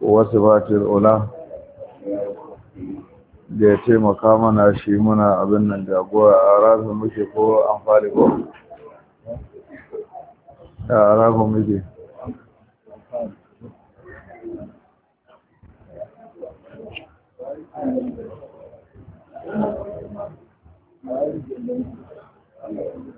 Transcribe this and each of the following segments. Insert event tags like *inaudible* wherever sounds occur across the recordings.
wasu batir ola da ya taimaka mana shi muna abin nan jagora a rafin muke ko an fari ko a rafin muke Thank you.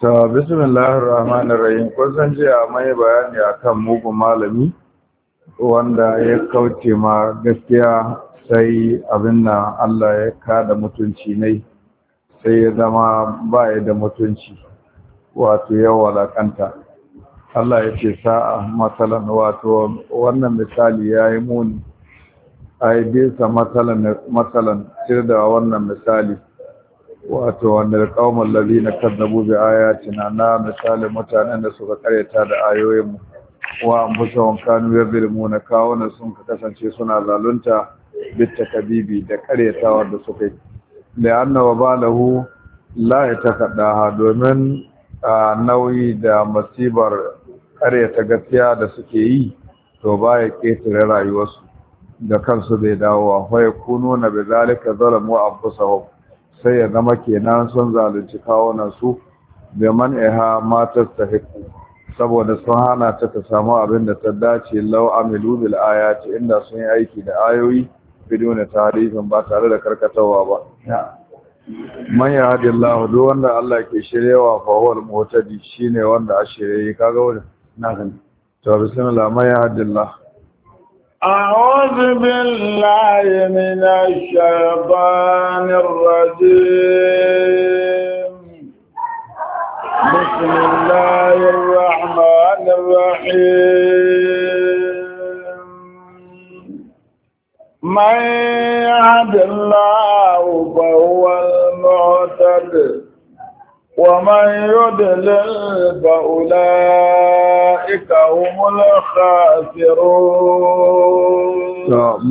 ta bismillahir rahmanir rahim kun san jiya mai bayani akan mugun malami wanda ya kauce ma gaskiya sai abin nan Allah ya kada mutunci ne sai ya zama ba ya da mutunci wato ya kanta, Allah ya ce sa'a matsalan wato wannan misali ya yi muni a yi bisa matsalan sir da wannan misali wato wanda qaumul ladina kadzabu bi ayatina na na misalin mutanen da suka karyata da ayoyin mu wa anfusahum kanu yadhlimuna kawuna sun ka kasance suna zalunta bitta da karyatawa da suka yi la'anna wa balahu la yatakaddaha domin a nauyi da masibar karyata gaskiya da suke yi to baya ketare rayuwarsu da kansu bai dawo dawowa fa yakunu na bi zalika zalamu anfusahum sai ya zama kenan sun zalunci kawunan su da man iha matar ta hikku saboda sun hana ta ta samu abin da ta dace lau amilu bil ayati inda sun yi aiki da ayoyi bidiyo na tarihin ba tare da karkatawa ba man ya hadi Allah duk wanda Allah ke shiryawa fa huwa al mutadi shine wanda a shirye kaga wannan na gani to bismillah man ya hadi Allah أعوذ بالله من الشيطان الرجيم بسم الله الرحمن الرحيم من يهد الله فهو المعتد ومن يدلل فأولئك هم الخاسرون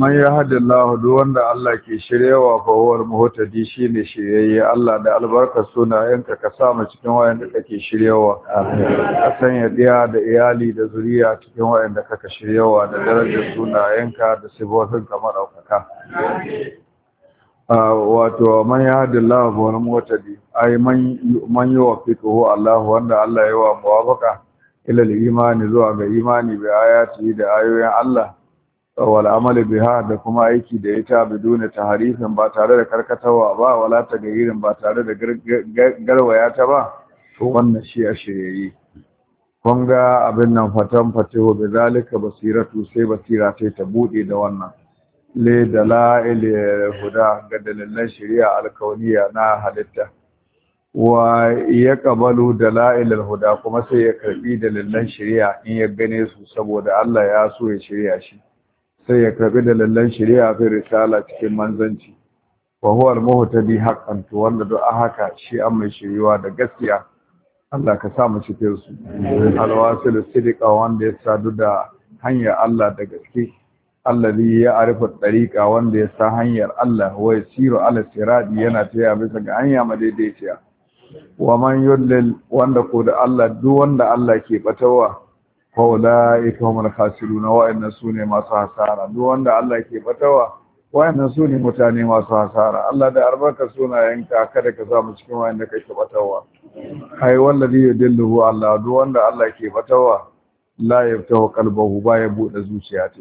من يهد الله دون الله كي شريوا فهو المهتدي شيني شريي الله da albarkar sunayenka ka sa mu cikin wayanda kake shiryawa ka sanya diya da iyali da zuriya cikin wayanda kaka shiryawa da darajar sunayenka da sibofin kamar daukaka ah, wato man yahdillahu wa man mutadi ai man yi wa Allah wanda Allah ya wa muwafaka ilal imani zuwa ga imani bi ayati da ayoyin Allah wal amal biha da kuma aiki da ita biduna taharifin ba tare da karkatawa ba wala irin ba tare da garwaya ta ba to wannan shi a shiryayi kun ga abin nan fatan fatihu bi zalika basiratu sai basira ta ta bude da wannan le dalail huda ga dalilan shari'a alkauniya na halitta wa ya kabalu da la'ilar huda kuma sai ya karbi dalilan shari'a in ya gane su saboda Allah ya so ya shirya shi sai ya karbi dalilan shari'a fi risala cikin manzanci wa huwa al-muhtadi haqqan to wanda duk haka shi an mai shiriwa da gaskiya Allah ka sa mu cikin su alwasil sidiqa wanda ya sadu da hanyar Allah da gaske Allah alladhi ya arifa tariqa wanda ya sa hanyar Allah wa yasiru ala sirati yana taya bisa ga hanya madaidaiciya wa man وندكو wanda ko da Allah duk wanda Allah ke batawa الخاسرون وان سن ما صار دو sune masu hasara duk wanda Allah ke batawa صار الله sune mutane masu hasara Allah da albarka sunayenka kada ka cikin wanda kake batawa ai wallazi yudillu Allah duk wanda Allah ke batawa la yaftahu qalbahu ba ya bude zuciya ta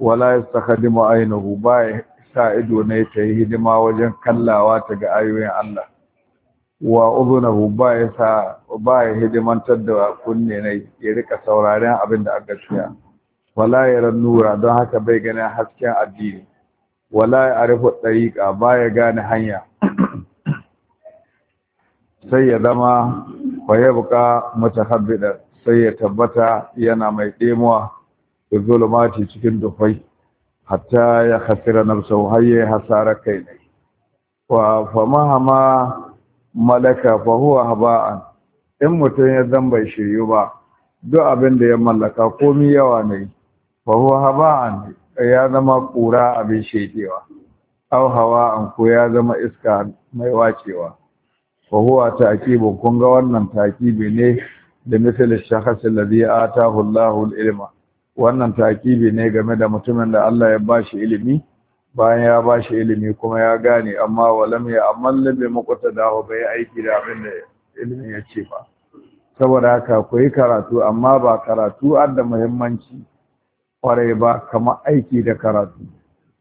wala yastakhdimu aynahu ba ya sa ido ne ta yi hidima wajen kallawa ta ga ayoyin Allah wa uzunahu ba ya sa ba ya hidimantar da kunne ne ya rika sauraren abin da aka tsaya wala ya nura don haka bai ganin hasken addini wala ya arifu dariqa ba ya gane hanya sai ya zama fa mata da, sai ya tabbata yana mai ɗemuwa da zulumati cikin dufai hatta ya khasira har hayya hasara kai ne wa fa mahama malaka fa huwa haba'an in mutum ya zan bai shiryu ba duk abin da ya mallaka komi yawa ne fa huwa haba'an ya zama kura abin shekewa aw hawa'an ko ya zama iska mai wacewa fa huwa ta'kibun kun ga wannan takibi ne da misali shakhs alladhi atahu Allahu al-ilma wannan takibi ne game da mutumin da Allah ya bashi ilimi bayan ya ba shi ilimi kuma ya gane amma walam ya makwata da hau bai aiki da abin da ilimin ya ce ba saboda haka ku yi karatu amma ba karatu da muhimmanci kwarai ba kama aiki da karatu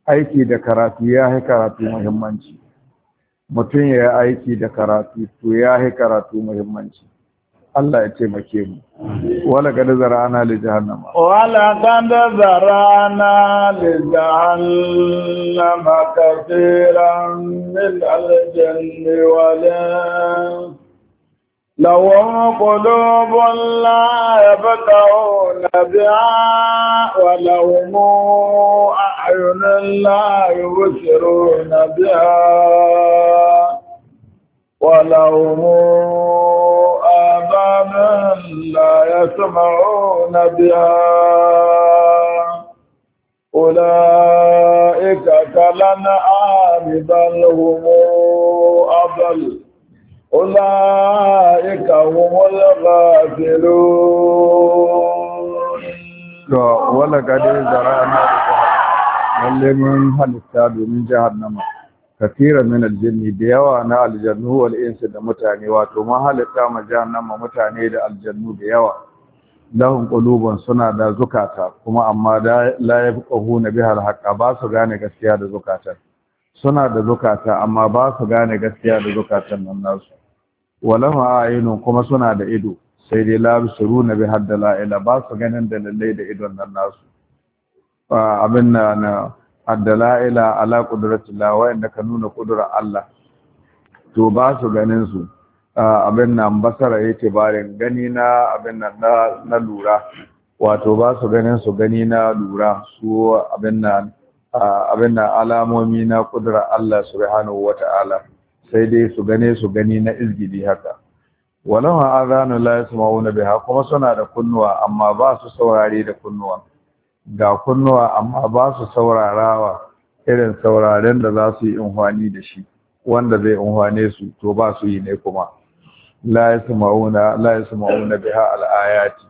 aiki da karatu ya yi karatu muhimmanci mutum ya yi aiki da karatu to ya yi karatu muhimmanci Allah ya taimake mu wala kad zarana li jahannama wala kad zarana li jahannama kathiran min al-jinni wal لهم قلوب لا يبقون بها ولهم أعين لا يبصرون بها ولهم أقواما لا يسمعون بها أولئك كالأنعام بل هم أضل أولئك هم الغافلون ولقد زرعنا للمن هل السابق من جهنم kafiran min aljinni da yawa na aljannu wal insu da mutane wato mun halitta ma jahannama mutane da aljannu da yawa lahum quluban suna da zukata kuma amma da la yafqahuna biha ba su gane gaskiya da zukata suna da zukata amma ba su gane gaskiya da zukatan nan nasu walahu ayinun kuma suna da ido sai dai la bisuruna bi hadda la ila ba su ganin dalilai da idon nan nasu abin na addala'ila ala qudratillah wa'anda ka nuna qudrar Allah to ba su ganin su abin nan basara yake barin gani na abin nan na lura wato ba su ganin su gani na lura su abin nan alamomi na qudrar Allah Su subhanahu wata'ala sai dai su gane su gani na izgidi haka walau azanu la yasma'una biha kuma suna da kunnuwa amma ba su saurari da kunnuwa ga kunnuwa amma ba su saurarawa irin sauraren da za su yi unhwani da shi wanda zai unhwane su to ba su yi ne kuma la yasu ma'una biha al'ayati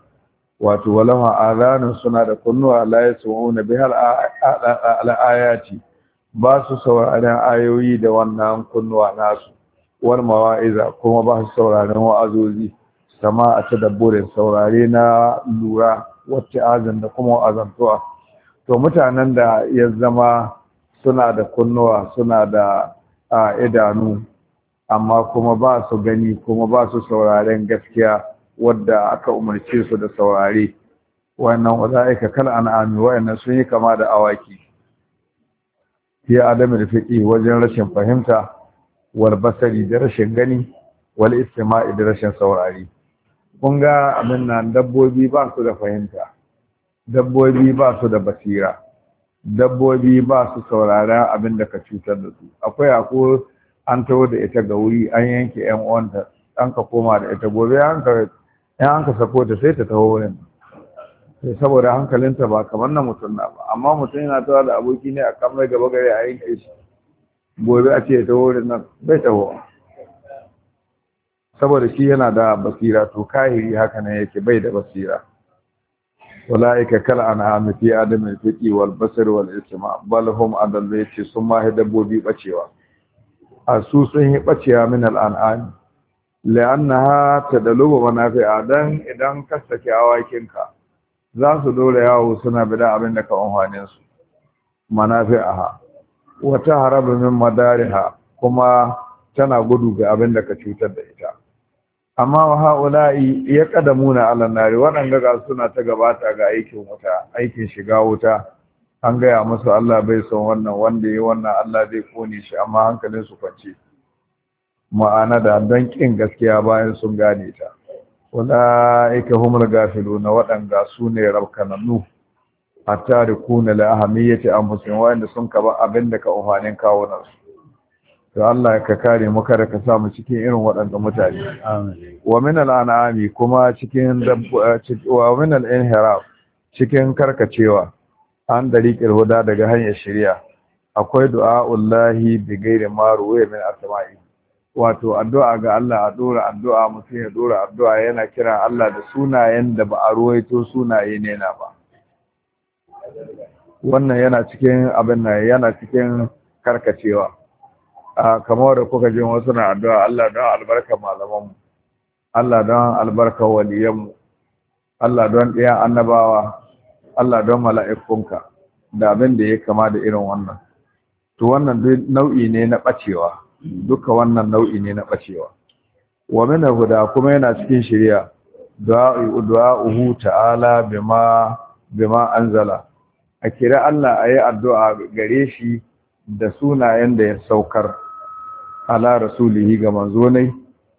wato walaha suna da kunnuwa la ma'una biha al ba su sauraren ayoyi da wannan kunnuwa nasu wal mawa'iza kuma ba su sauraren wa'azozi sama a tadabburin saurare na lura watti'azin da kuma wa'azantuwa to mutanen da ya zama suna da kunnuwa suna da idanu amma kuma ba su gani kuma ba su sauraren gaskiya wadda aka umarce su da saurare wannan wada'ika kal an'ami wayannan sun yi kama da awaki ya adam da wajen rashin fahimta wal basari da rashin gani wal istima'i da rashin saurare. kun ga abin nan dabbobi ba su da fahimta dabbobi ba su da basira dabbobi ba su saurara abin da ka cutar da su akwai ako an taho da ita ga wuri an yanke yan uwanta an ka koma da ita gobe an an ka sako ta sai ta taho wurin sai eh, saboda hankalinta ba kamar na mutum na ba amma mutum yana tawa da aboki ne a kamar gaba gare a yanke shi gobe a ce ta wurin nan bai taho saboda shi yana da basira to kahiri haka ne yake bai da basira walaika kal an'am fi adam al-fiqi wal basar wal isma bal hum adallu yace sun ma dabbobi bacewa a su sun yi bacewa min al-an'am la'annaha tadalubu manafi'a dan idan ka saki ka. za su dole yawo suna bida abin da ka amfane su Manafi'a, wata harabu min madariha kuma tana gudu ga abin da ka cutar da ita amma wa ha'ula'i ya kadamuna ala nari waɗanda ga suna ta gabata ga aikin wuta aikin shiga wuta an gaya musu Allah bai son wannan wanda ya wannan Allah zai kone shi amma hankalin su kwance ma'ana da don kin gaskiya bayan sun gane ta ulaika humul gafiluna waɗanda su ne rabkananu hatta da kuna la ahamiyyati anfusihim wanda sun kaba abinda da ka umarnin kawunan su to Allah ka kare mu kada ka sa cikin irin waɗanda mutane wa min al'anami kuma cikin wa min al'inhiraf cikin karkacewa an dari huda daga hanyar shari'a akwai du'a'ullahi bi ghairi maru wa min asma'i wato addu'a ga Allah a dora addu'a mutum ya dora addu'a yana kira Allah da sunayen da ba a ruwaito sunaye ne na ba wannan yana cikin abin nan yana cikin karkacewa kamar da kuka je wasu na addu'a Allah don albarkar malamanmu Allah don albarkar waliyanmu Allah don ɗaya annabawa Allah don mala'ikunka da abin da ya kama da irin wannan to wannan nau'i ne na ɓacewa duka wannan nau'i ne na ɓacewa wa mina guda kuma yana cikin shirya du'a'uhu ta'ala bima bima anzala a kira Allah a yi addu'a gare shi da sunayen da ya saukar ala rasulihi ga manzo ne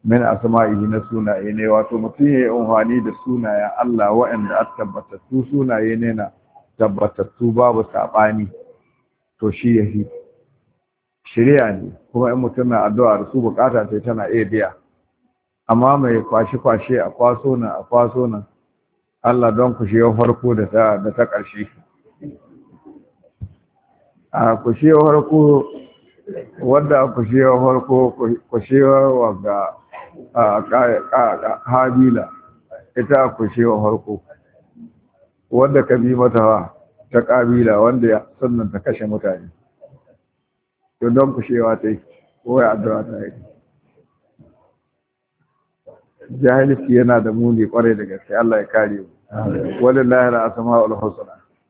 min asma'ihi na sunaye ne wato mutum ya yi unhwani da sunayen Allah waɗanda a tabbatattu sunaye ne na tabbatattu babu saɓani to shi ya fi shirya ne kuma in mutum na addu'a da su bukata sai tana iya biya amma mai kwashe-kwashe a kwaso nan a kwaso nan Allah don ku shiyar farko da ta ƙarshe a ku shiyar farko wadda shewa farko kushewar wagga a habila ita ku shewa farko wadda ka bi mata ta kabila wanda ya sannan ta kashe mutane to don ku shewa ta yi ko ya addu'a ta yi jahilci yana da muni kwarai da gaske Allah ya kare mu wallahi al-asma'ul husna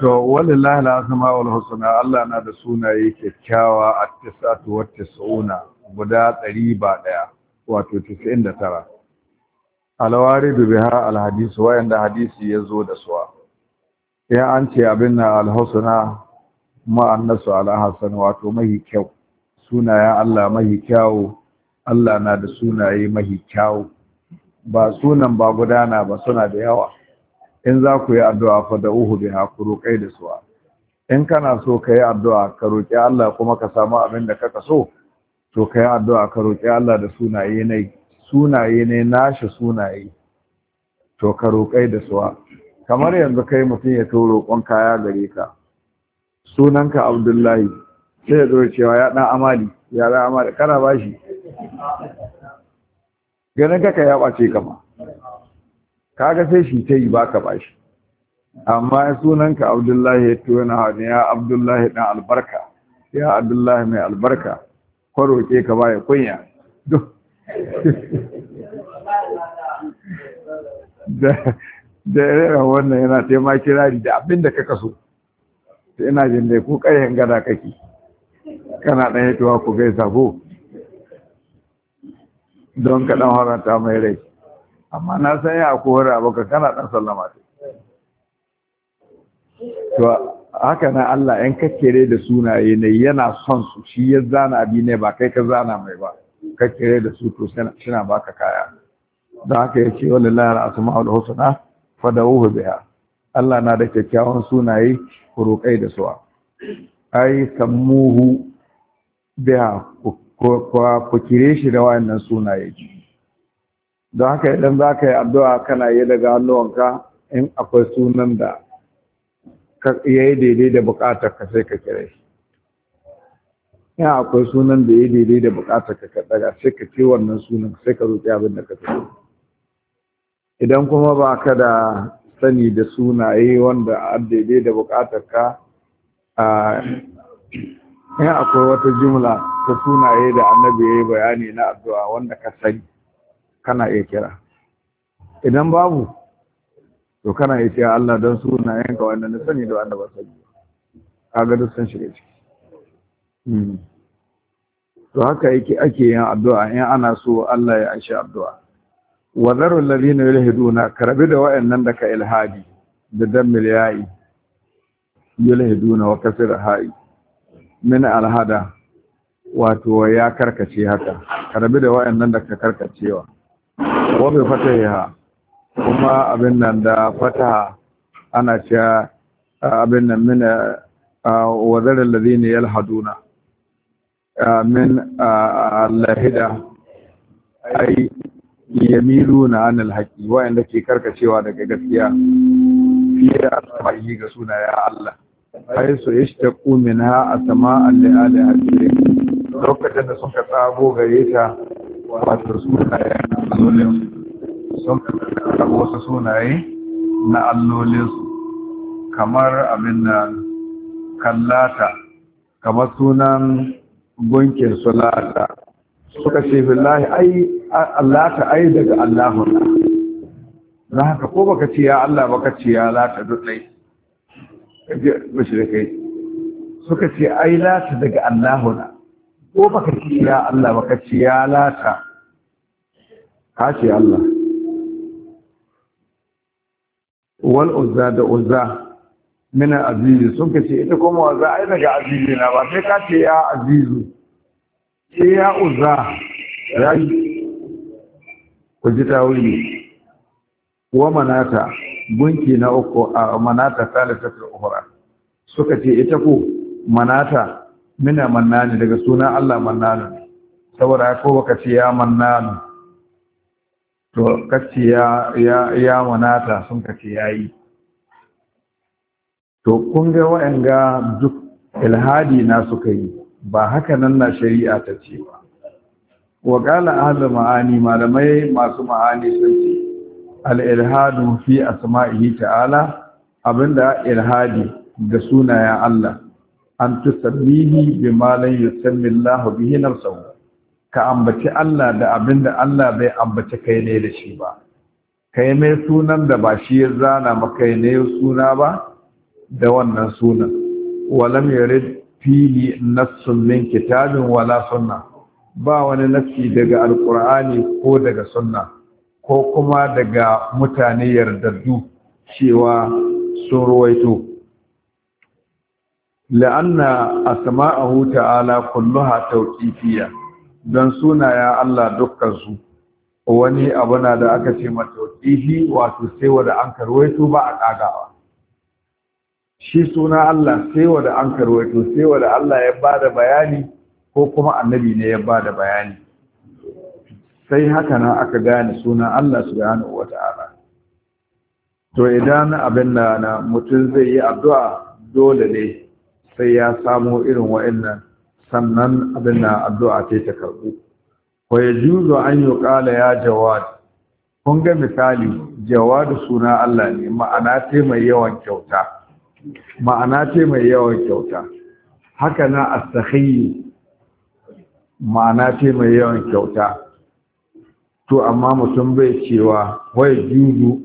to wallahi la husna Allah na da sunaye kyakkyawa at-tisatu wat-tis'una guda ɗari ba ɗaya, wato 99 alwari biha al-hadis wayanda hadisi yazo da suwa ya an ce abin na al-husna ma annasu ala hasan wato mahi kyau sunayen Allah mahi kyau Allah na da sunaye mahi kyau ba sunan ba gudana ba suna da yawa in za ku yi addu'a fa da uhu biha ku roƙai da suwa in kana so ka yi addu'a ka roƙi Allah kuma ka samu abin da kaka so to ka yi addu'a ka roƙi Allah da sunaye ne sunaye ne nashi sunaye to ka roƙai da suwa kamar yanzu kai mutum ya to roƙon kaya gare ka sunanka Abdullahi sai ya zo cewa ya ɗan amali ya ɗan amali kana bashi ganin kaka ya ɓace kama kaga sai shi ta yi ba ba bashi amma sunanka abdullahi ya tona hannu ya abdullahi dan albarka ya abdullahi mai albarka kwaroke ka ya kunya da rera wannan yana taimaki kirari da abinda da kaka so ta ina jin dai ko ƙaryen gada kake kana ɗan tuwa ku gaisa ko don kaɗan haranta mai rai amma na san ya kora baka kana dan sallama ce. to haka nan Allah in kakkere da sunaye ne yana son su shi ya zana abi ne ba kai ka zana mai ba kakkere da su to suna baka kaya Da haka yace wallahi al-asmaul husna fadawuhu biha Allah na da kyakkyawan sunaye ku roƙai da suwa ai sammuhu biha ku kire shi da wayannan sunaye don haka idan za ka yi addu'a kana yi daga hannuwanka in akwai sunan da ya yi daidai da bukatar ka sai ka kira shi in akwai sunan da ya yi daidai da bukatar ka ka daga sai ka ce wannan sunan sai ka roƙi abin da ka so idan kuma ba ka da sani da sunaye wanda a daidai da bukatar ka in akwai wata jumla ta sunaye da annabi ya yi bayani na addu'a wanda ka sani kana iya kira idan babu to kana iya cewa Allah don suna yanka wanda na sani da wanda ba sani kaga duk sun shiga ciki hmm. to haka yake ake yin addu'a in ana so Allah ya aishi addu'a wa zarul ladina yulhiduna karabi da wayannan da ka ilhadi da dan miliyayi yulhiduna wa kasir ha'i min alhada wato ya karkace haka karabi da wayannan da ka karkacewa wa bi fataha kuma abin nan da fataha ana cewa abin nan min wa zara yal haduna. min allahida ai yamiluna anil haqi wa'anda ke karkacewa daga gaskiya fiye da asma'i ga suna ya Allah haisu yashtaqu minha asma'a li alihatihi lokacin da suka tsago gare ta wato sunayen allolinsu sun karɓi wasu sunaye na allolinsu kamar abin nan kallata kamar sunan gunkin sulata suka ce fi ai allata ai daga allahun na haka ko baka ce ya allah baka ce ya lata duk da mashirikai suka ce ai lata daga Allahuna. na ko baka ce ya Allah baka ce ya lata ka ce Allah wal uzza da uzza mina azizi sun ka ce ita kuma a yi daga azizi na ba sai ka ce ya azizu ce ya uzza ya ku ji tawili wa manata gunki na uku a manata salisa ta ukhra suka ce ita ko manata mina mannani daga suna Allah mannani saboda ko baka ce ya mannani to kace ya ya ya manata sun kace yayi to kun ga wa'anga duk ilhadi na suka yi ba haka nan na shari'a ta ce ba wa qala ahli ma'ani malamai masu ma'ani sun ce al ilhadu fi asma'ihi ta'ala abinda ilhadi da sunayen Allah an bi malam lam yusammi Allah bihi nafsuhu ka ambaci Allah da abin da Allah bai ambaci kai ne da shi ba kai mai sunan da ba shi ya zana maka ne suna ba da wannan sunan walam yarid fili nassun min kitabin wala sunna ba wani nafsi daga alqur'ani ko daga sunna ko kuma daga mutane yardaddu cewa sun ruwaito la'anna asma'ahu ta'ala kulluha tawqifiyya dan sunaya Allah dukkan su wani abu na da aka ce mata tawqifi wato sai wanda an karwaito ba a kagawa shi suna Allah sai wanda an karwaito sai wanda Allah ya bada bayani ko kuma annabi ne ya bada bayani sai haka nan aka gane suna Allah subhanahu wata'ala to idan abin da mutum zai yi addu'a dole ne sai ya samu irin wa'annan sannan abin na addu'a ce ta karbu ko ya juzo an yi ƙala ya jawad kun ga misali jawad suna Allah ne ma'ana ce mai yawan kyauta ma'ana ce mai yawan kyauta haka na astahiyi ma'ana ce mai yawan kyauta to amma mutum bai cewa wai juzo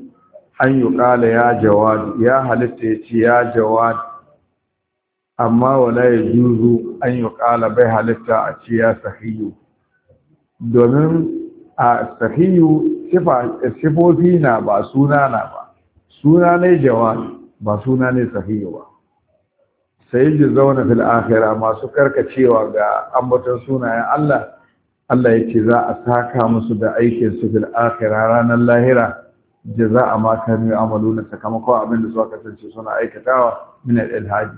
an yi ƙala ya jawad ya halitta ya ce ya jawad amma wala ya juzu an yi kala bai halitta a ce ya sahiyu domin a sahiyu sifofi na ba suna na ba suna ne jawa ba suna ne sahiyu ba sai ji zauna fil akhira masu karkacewa ga ambaton sunayen Allah Allah ya ce za a saka musu da aikin su fil akhira ranar lahira a ma amalu na sakamakon abin da suka kasance suna aikatawa min al-ilhaji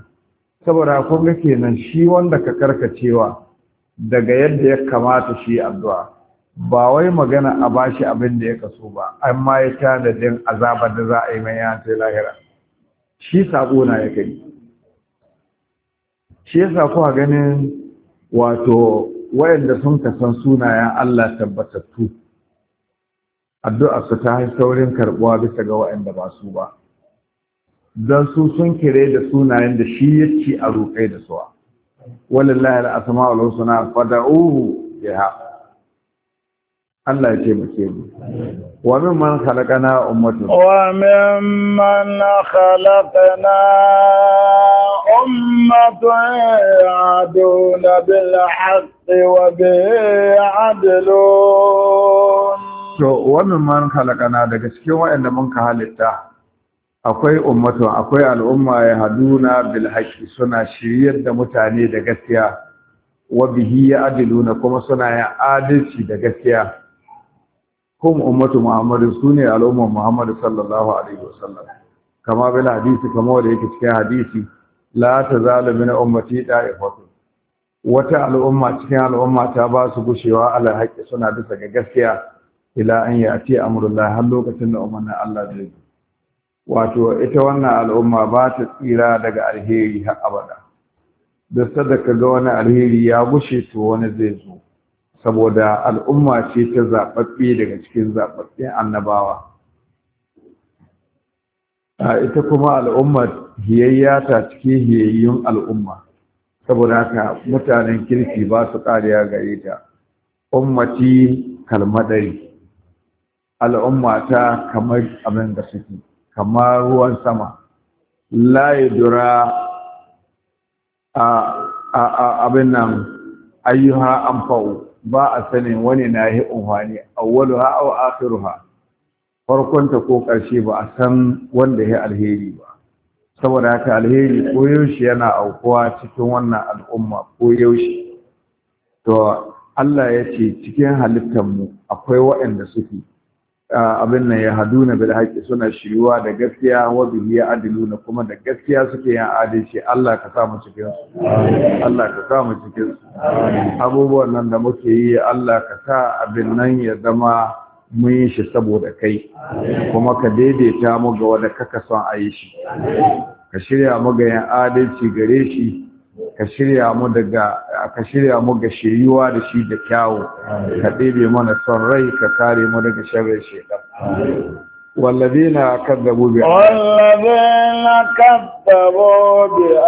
saboda ko kake kenan shi wanda ka karkacewa daga yadda ya kamata shi addu'a ba wai magana a bashi abin da ya kaso ba amma ya tana din azabar da za a yi mai ya ta lahira shi sabo na ya kai shi sako a ganin wato wayanda sun kasan sunayen Allah tabbatattu addu'a su ta hai saurin karbuwa bisa ga wayanda ba su ba don su sun kire da sunayen da shi ya ci a roƙai da suwa walillahi al'asama wa suna fada'uhu biha Allah ya muke mu wa min man khalaqana ummatan wa min man khalaqana ummatan yaduna bil haqqi wa bi adlun to wa min man khalaqana daga cikin wa'anda mun ka halitta akwai ummatun akwai al'umma ya haduna bil haqqi suna shiryar da mutane da gaskiya wa bihi ya'diluna kuma suna ya adalci da gaskiya hum ummatu muhammadu sune al'umma muhammadu sallallahu alaihi wasallam kama bil hadisi kama wanda yake cikin hadisi la tazalu min ummati da'ifatu wata al'umma cikin al'umma ta ba su gushewa ala haqqi suna bisa ga gaskiya ila an ya'ti amrullahi har lokacin da umarnin Allah zai wato ita wannan al'umma ba ta tsira daga alheri har abada da sadaka ga wani alheri ya gushe to wani zai zo saboda al'umma ce ta zaɓaɓɓe daga cikin zaɓaɓɓen annabawa a ita kuma al'ummar hiyayya ta cikin hiyayyun al'umma saboda haka mutanen kirki ba su ƙariya gare ta ummati kalmadari al'umma ta kamar abin da suke kamar ruwan sama la yadura a abin nan ayyuha anfa'u ba a sanin wani na yi umfani awwaluha aw akhiruha farkon ta ko ƙarshe ba a san wanda ya alheri ba saboda haka alheri ko yaushe yana aukuwa cikin wannan al'umma ko yaushe to Allah ya ce cikin halittar mu akwai waɗanda suke abin nan ya na bil haqqi suna shiriwa da gaskiya wa bihi na kuma da gaskiya suke yin adalci Allah ka sa mu cikin su Allah ka sa mu cikin su abubuwan nan da muke yi Allah ka sa abin nan ya zama mun yi shi saboda kai kuma ka daidaita mu ga wanda kaka son a yi shi ka shirya mu ga yin adalci gare shi ka shirya mu daga ga shiriwa da shi da kyawu ka ɗebe mana son rai ka kare mu daga sharrin shekaru والذين كذبوا بآياتنا والذين كذبوا بآياتنا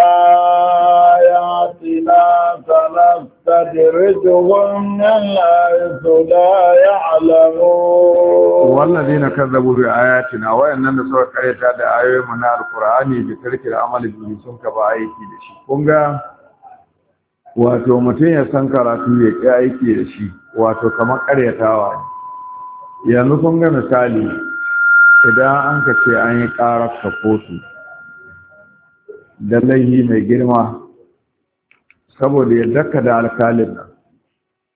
سنستدرجهم من حيث لا يعلمون والذين كذبوا بآياتنا وإننا سوى كريتا دا من القرآن بترك العمل بلسون كبا أيكي لشي كونغا wato متين يسنكر san karatu ya ƙi aiki كما كريتا wato kamar ƙaryatawa yanzu idan an ka ce an yi ƙarar ka kotu da laihi mai girma saboda ya daka da alkalin nan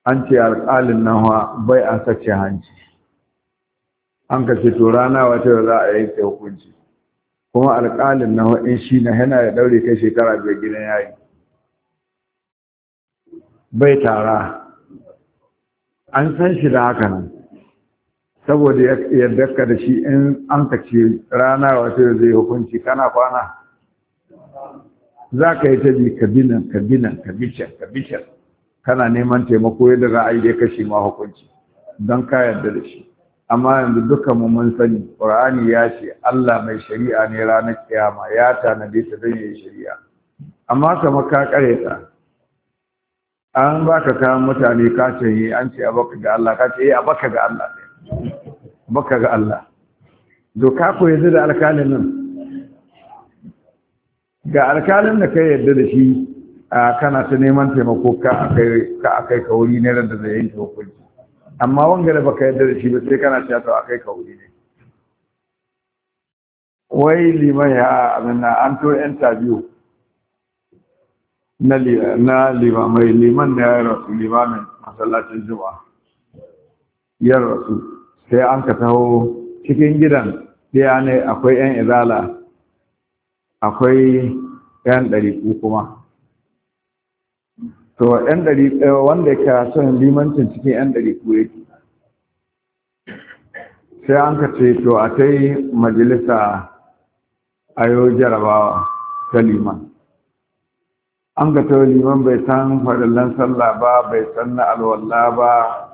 an ce alkalin nan bai an sace hanci an ka ce to rana wata yau za a yi ta hukunci kuma alkalin nan in shi na yana ya ɗaure kai shekara bai gidan yayi bai tara an san shi da haka nan saboda yadda ka da shi in an kace rana wato zai hukunci kana kwana za ka yi ta bi kabinan kabinan kabishan kabishan kana neman taimako yadda za a yi dai kashe ma hukunci don ka yarda da shi amma yanzu duka mu mun sani qur'ani ya ce Allah mai shari'a ne ranar kiyama ya tanade ta don yayi shari'a amma kamar ka kare ta an baka kayan mutane ka ce an ce a baka ga Allah ka ce eh, a baka ga Allah ne baka ga Allah doka ko yanzu da alkalin nan ga alkalin da kai yadda da shi kana ta neman taimako ka akai ka akai ka wuri ne da zai yanke hukunci amma wanga da baka yadda da shi ba sai kana cewa a akai ka wuri ne wai liman ya amina an to interview na mai liman da ya rasu mai masallacin juma'a ya rasu sai an ka taho cikin gidan ɗaya ne akwai 'yan izala akwai 'yan ɗariƙu kuma to 'yan ɗariƙu eh, wanda ka son limancin cikin 'yan ɗariƙu yake sai an ka ce to a ta yi majalisa a yau jarabawa ta liman an ka ta liman bai san faɗallan sallah ba bai san na alwallah ba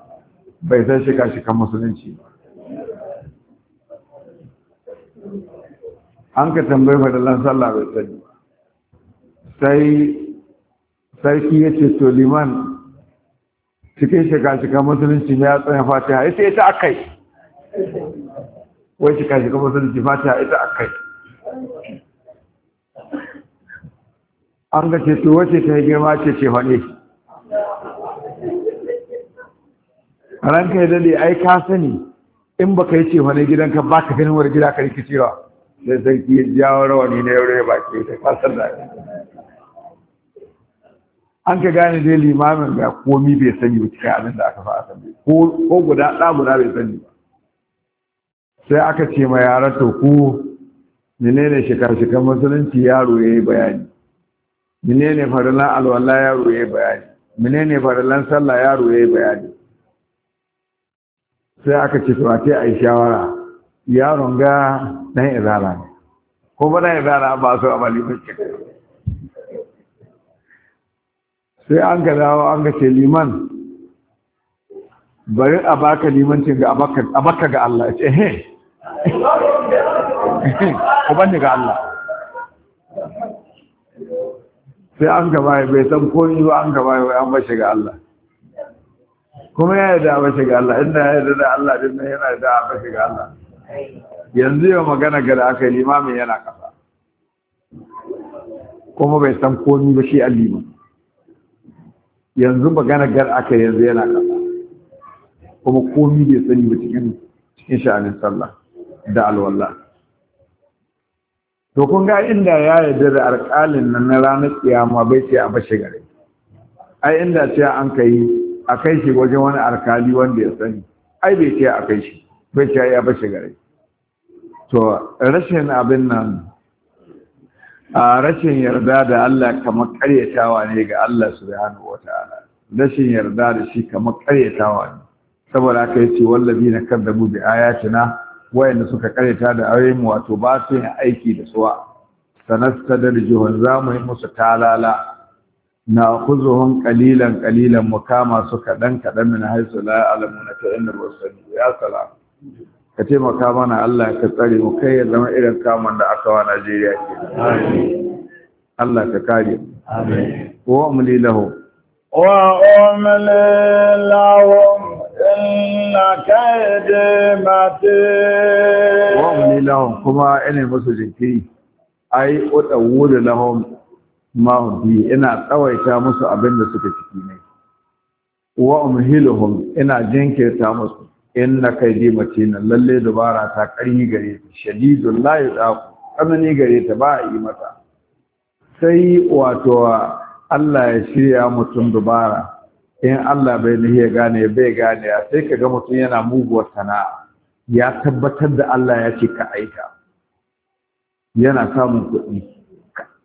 bai san shiga shiga musulunci ba an ka tambayi fadallan sallah bai sani ba sai sarki ya ce to liman cikin shiga shiga musulunci ne ya tsaye fatiha ita ita akai wai shiga shiga musulunci fatiha ita akai an ga ce to wace ta yi girma ce ce faɗe ranka ya dade ai ka sani in baka yi cewa na gidanka ba ka ganin wani gida ka rikicewa da sarki ya jawo rawani na yau ba baki da kasar da an ka gane dai limamin ga komi bai sani ba cikin abin da aka fara sani ko guda ɗa guda bai sani ba sai aka ce ma yara to ku menene shika-shikan musulunci yaro ya yi bayani menene farilan alwala yaro ya yi bayani menene farilan sallah yaro ya yi bayani sai aka ce to a ce a yi shawara yaron ga ɗan izara ne ko ba ɗan izara ba su a bali ba sai an ga dawo an ga ce liman bari a baka limancin ga a baka ga Allah ce he *laughs* ku ne ga Allah sai an gaba ya bai san komi ba an gaba ya an bashi ga Allah kuma ya yarda ba shiga Allah inda ya yarda Allah din nan yana da ba shiga Allah yanzu ya magana ga da aka yi limamin yana kasa kuma bai san komi ba shi alima yanzu magana ga aka yanzu yana kasa kuma komi bai sani ba cikin cikin sha'anin sallah da alwala to kun ga inda ya yarda da alƙalin nan na ranar kiyama bai ce a bashi gare ai inda ce an kai a kai shi wajen wani alkali wanda ya sani ai bai ce a kai shi bai ce ya bashi gare to rashin abin nan a rashin yarda da Allah kamar karyatawa ne ga Allah subhanahu wataala rashin yarda da shi kamar karyatawa ne saboda aka yi ce wallabi na kaddabu bi ayatina wayanda suka karyata da ayoyin wato ba su yin aiki da suwa sanastadar jihun za mu yi musu talala na kuzuhun kalilan kalilan mu kama su kaɗan kaɗan min haisu la na ta inda ba su ya salam ka taimaka mana Allah ka tsare mu kai ya zama irin kamun da aka wa Najeriya ke Allah ka kare mu wa umli lahu wa umli lahum inna kaydi mati wa umli lahum kuma ina musu jinkiri ai da lahum mahudi ina tsawaita musu abin da suka ciki ne wa umhiluhum ina jinkirta musu inna mace na. lalle dubara ta ƙarfi gare ta shadidul la yaqu kamani gare ta ba a yi mata sai wato Allah ya shirya mutum dubara in Allah bai ya gane bai gane sai ka ga mutum yana muguwar sana'a ya tabbatar da Allah ya ce ka aika yana samun kuɗi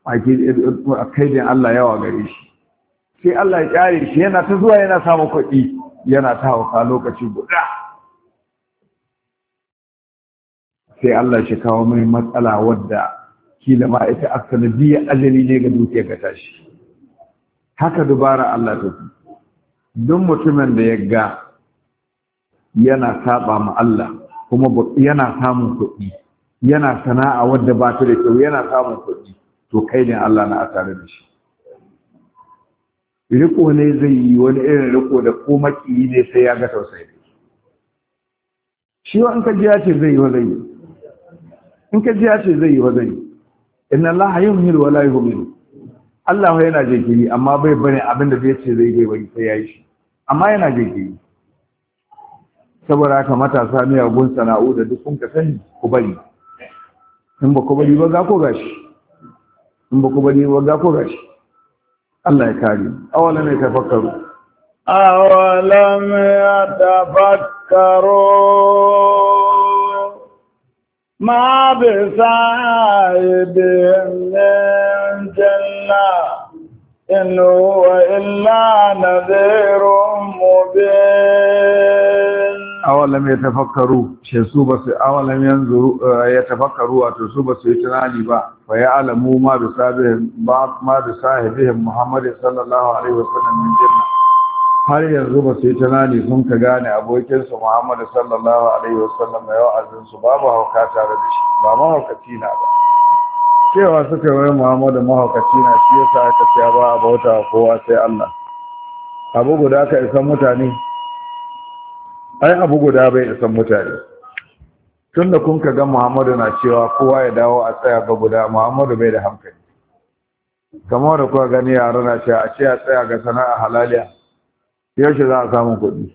a eh, kaidin Allah yawa gare shi sai Allah ya kyare shi yana ta zuwa yana samu kuɗi yana ta hauka lokaci guda sai Allah shi kawo mai matsala wadda kila ma ita biya ajali ne ga dukiya ka tashi haka dubara Allah ta fi don mutumin da ya ga yana saba ma Allah kuma yana samun kuɗi yana sana'a wadda ba ta da kyau yana samun kuɗi to kai ne Allah na a tare da shi riko ne zai yi wani irin riko da ko makiyi ne sai ya ga tausayi shi wa in ka ji ya ce zai yi wa zai yi in ka ji ya ce zai yi wa zai yi inna Allah yi wa la yi Allah yana jinkiri amma bai bane abin da zai ce zai bai bari sai ya yi shi amma yana jinkiri saboda haka matasa miyagun sana'u da duk kun ka sani ku bari in ba ku bari ba za ko gashi in ba ku bari wagga ko gashi Allah ya kare awala ne tafakkaru awalam ya tafakkaru ma bi sa'ibin min jannah إن هو إلا نذير مبين awalam ya tafakkaru shi su ba su awalam ya eh, tafakkaru wato su ba su yi tunani ba fa ya alamu ma da sahibihim ba ma da sahibihim Muhammad sallallahu alaihi wasallam min jinna har yanzu ba su yi tunani sun ka gane abokin su Muhammad sallallahu alaihi wasallam ya wa'azin su babu hauka tare da shi ba ma na ba cewa suka yi Muhammad mahaukaci na shi yasa aka ce ba a bauta kowa sai Allah abu guda ka isan mutane ai abu guda bai isan mutane tun da kun ga muhammadu na cewa kowa ya dawo a tsaya ga guda muhammadu bai da hankali kamar da kuka gani yaro na cewa a ce a tsaya ga sana'a halaliya yaushe za a samun kuɗi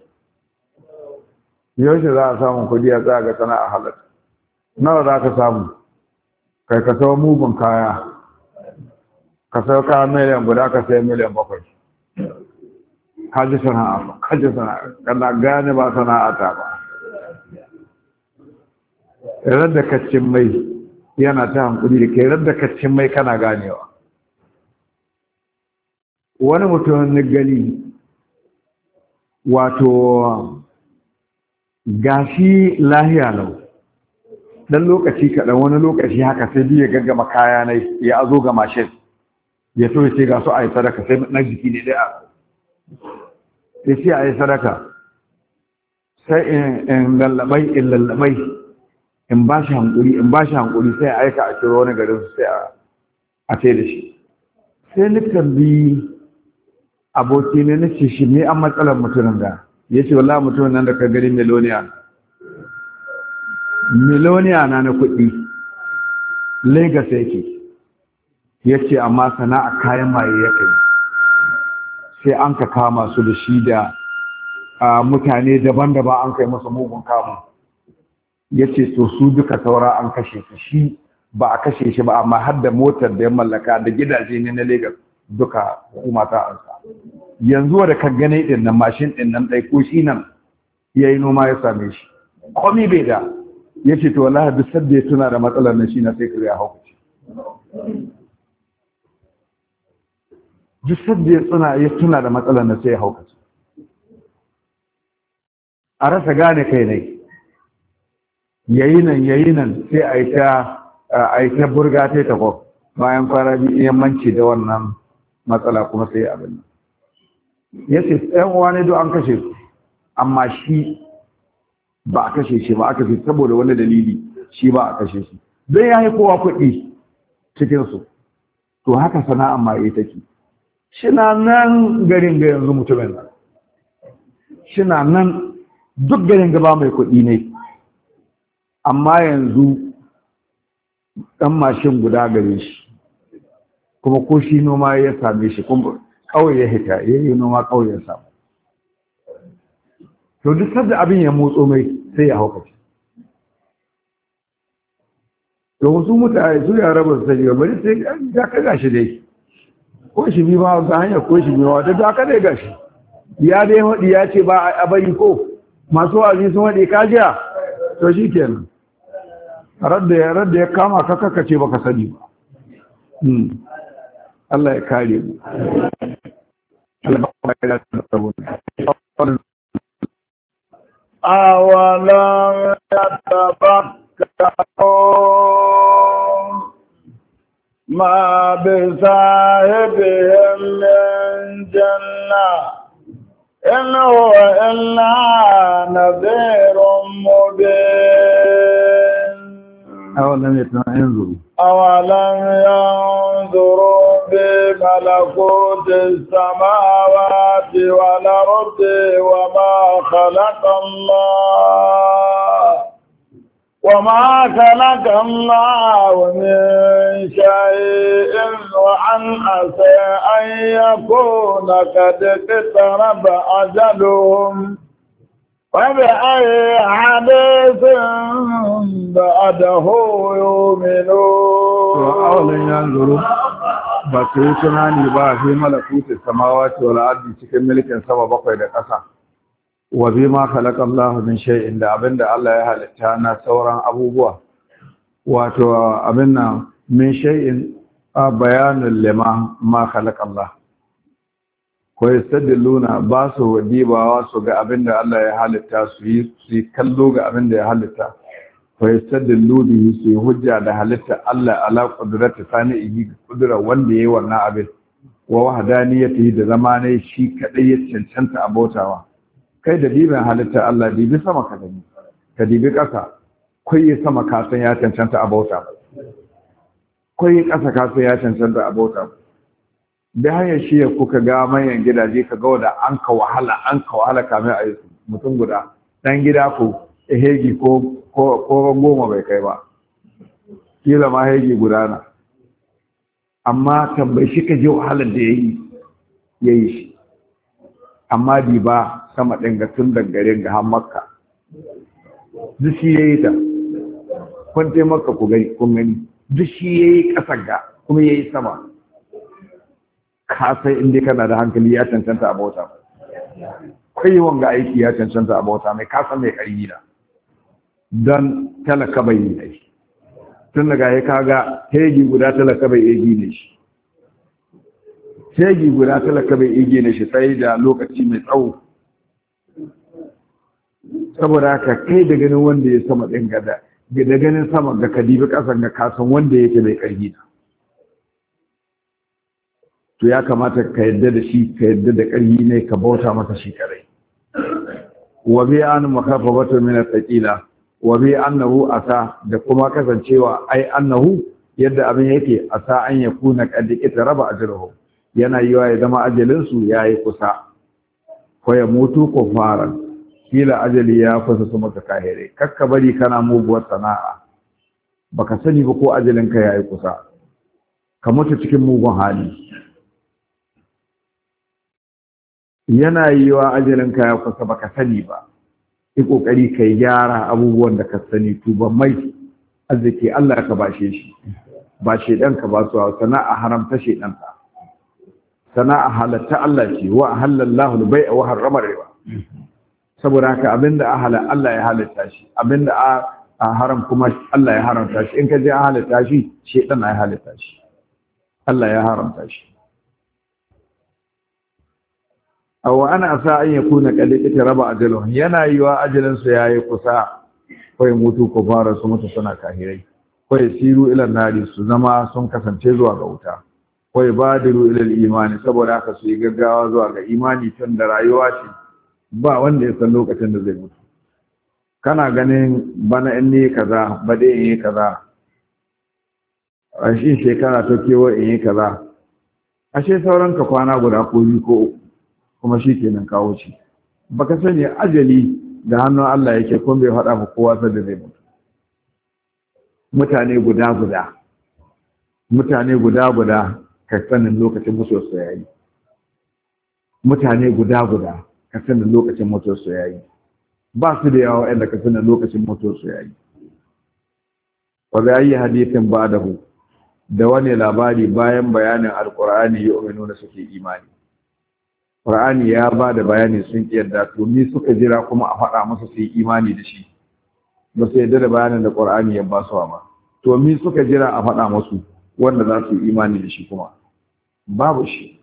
yaushe za a samun kuɗi a tsaya ga sana'a halal nawa za ka samu kai ka sayo mugun kaya ka sayo kaya miliyan guda ka sai miliyan bakwai ka ji sana'a ba ka ji sana'a kana gane ba sana'ata ba ran da kaccin mai yana ta hankuli da ke ran da kaccin mai kana ganewa wani mutum na gani wato gashi lahiya lau dan lokaci kaɗan wani lokaci haka sai biya gaggama kaya na ya zo ga mashin ya so ya ce ga su a yi sadaka sai na jiki ne da ya ce a yi sadaka sai in lallabai in lallabai in ba shi hankuri in ba shi hankuri sai aika a kiro wani garin sai a ce da shi sai nikan bi aboki ne na ce shi ne an matsalar mutumin da ya ce wallah mutumin nan da ka gani miloniya miloniya na na kuɗi lagos yake ya ce amma sana'a kayan maye ya kai sai an ka kama su da shi da mutane daban-daban an kai masa mugun kama ya ce to su duka saura an kashe su shi ba a kashe shi ba amma har da motar da ya mallaka da gidaje ne na Legas duka hukuma ta ansa yanzu da kan gane din nan mashin din nan dai ko shi nan yi noma ya same shi komi bai da Ya ce to wallahi duk sabbe suna da matsalar nan shi na sai kare ya haukace duk da ya tuna da matsalar na sai ya haukace a rasa gane kai ne yayi nan yayi nan sai a yi ta burga ta ta bayan fara manci da wannan matsala kuma sai abin nan ya ce ɗan uwa ne duk an kashe su amma shi ba a kashe shi ba aka fi saboda wani dalili shi ba a kashe shi zai ya kowa kuɗi cikinsu to haka sana'an ma take shina nan garin ga yanzu mutumin nan shina nan duk garin gaba mai kuɗi ne amma yanzu ɗan mashin guda gare shi kuma ko shi noma ya same shi kuma ƙauye ya hita ya yi noma ƙauye ya samu to duk sadda abin ya motso mai sai ya haukace to wasu mutane su yara ba su sani ba bari sai ya kaga shi dai ko shi bi ma wata hanyar ko shi bi ma wata ta kada ga shi ya dai haɗi ya ce ba a bari ko masu wazi sun ka kajiya to shi kenan radda ya radda ya kama ka kaka ce baka sani ba hmm. Allah ya kare mu أولم يتفكروا ما بصاحبهم من جنة إن هو إلا نذير مبين أولم ينظروا أولم ينظروا بملكوت السماوات والأرض وما خلق الله ọgbmka na ka m ụechaịnụ aze ahịhịa pụ na ka ditetaaba ajdm ọbịa ahanaezena adahụenọya na gbacere cụa anyị gba ahụ madụ ka uche ka mawacera dị chike miliksawa ọgbọkọga kasa. wa bi ma khalaqa Allah min shay'in da abinda Allah ya halitta na sauran abubuwa wato abin nan min shay'in bayanin lima ma khalaqa Allah ko yastadilluna ba su dibawa su ga abinda Allah ya halitta su yi su kallo ga abinda ya halitta ko yastadillu su hujja da halitta Allah ala qudrati sani'i qudra wanda yayi wannan abin wa wahdaniyati da zamanai shi kadai ya cancanta abotawa kai da dibin halitta Allah dibi sama ka gani ka dibi ƙasa kwaye sama ka san ya cancanta a bauta kwaye ƙasa ka san ya cancanta a bauta da hanyar shi ya kuka ga manyan gidaje ka ga wanda an ka wahala an ka wahala kamar a mutum guda dan gida ku hegi ko ko goma bai kai ba kila ma hegi guda na amma tambayi shi ka je wahalar da ya yi ya yi shi amma di ba sama ɗin tun dangare ga har makka duk shi ya yi ta kun te makka ku gani kun gani duk shi ya yi ƙasar ga kuma ya yi sama kasai sai inda kana da hankali ya cancanta a bauta kai wanga aiki ya cancanta a bauta mai kasa mai ƙari na don talaka bai ne shi tun daga ya kaga hegi guda talaka bai egi ne shi hegi guda talaka bai egi ne shi sai da lokaci mai tsawo saboda haka kai da ganin wanda ya sama ɗin gada da ganin sama ga kadibi ƙasan ga kasan wanda yake mai ƙarfi na to ya kamata ka yadda da shi ka yadda da ƙarfi ne ka bauta masa shi kadai wa bi an minar min al wa bi annahu asa da kuma kasancewa ai annahu yadda abin yake asa an yakuna raba a ajruhu yana yiwa ya zama ajalin su yi kusa ko ya mutu ko faran kila ajali ya fasa su maka kahere kakka bari kana muguwar sana'a baka sani ba ko ajalin ya yi kusa ka mutu cikin mugun hali yana yi wa ka ya kusa baka sani ba yi kokari ka gyara abubuwan da ka sani tuba mai arziki Allah ka bashe shi ba shedan ka ba su sana'a haramta shedan ka sana'a halatta Allah ce wa halallahu bai wa harrama riba saboda haka abinda a halal Allah ya halatta shi abinda a haram kuma Allah ya haramta shi in ka je a halatta shi shedan ya halatta shi Allah ya haramta shi aw ana asa an yakuna qalita raba ajalun yana yiwa ajalin su yayi kusa kai mutu ko fara su mutu suna kahirai kai siru ila nari su zama sun kasance zuwa ga wuta kai badiru ila imani saboda haka su yi gaggawa zuwa ga imani tun da rayuwa ce ba wanda ya san lokacin da zai mutu kana ganin bana in yi kaza dai in yi kaza ashe shekara ta kewa in yi kaza ashe sauran ka kwana guda ko biyu ko kuma shi kenan kawo ci baka sani ajali da hannun Allah yake kun bai faɗa ba kowa sai da zai mutu mutane guda guda mutane guda guda ka sanin lokacin musu yayi mutane guda guda ka sanin lokacin mutuwar su yayi ba su da yawa inda ka sanin lokacin mutuwar su yayi wa bi ayi hadithin ba da hu. Da wani labari bayan bayanin alqur'ani yu'minu nuna suke imani qur'ani ya ba da bayani sun yarda to ni suka jira kuma a faɗa musu su yi imani da shi ba su yarda da bayanin da qur'ani ya ba su ba to mi suka jira a faɗa musu wanda za su yi imani da shi kuma babu shi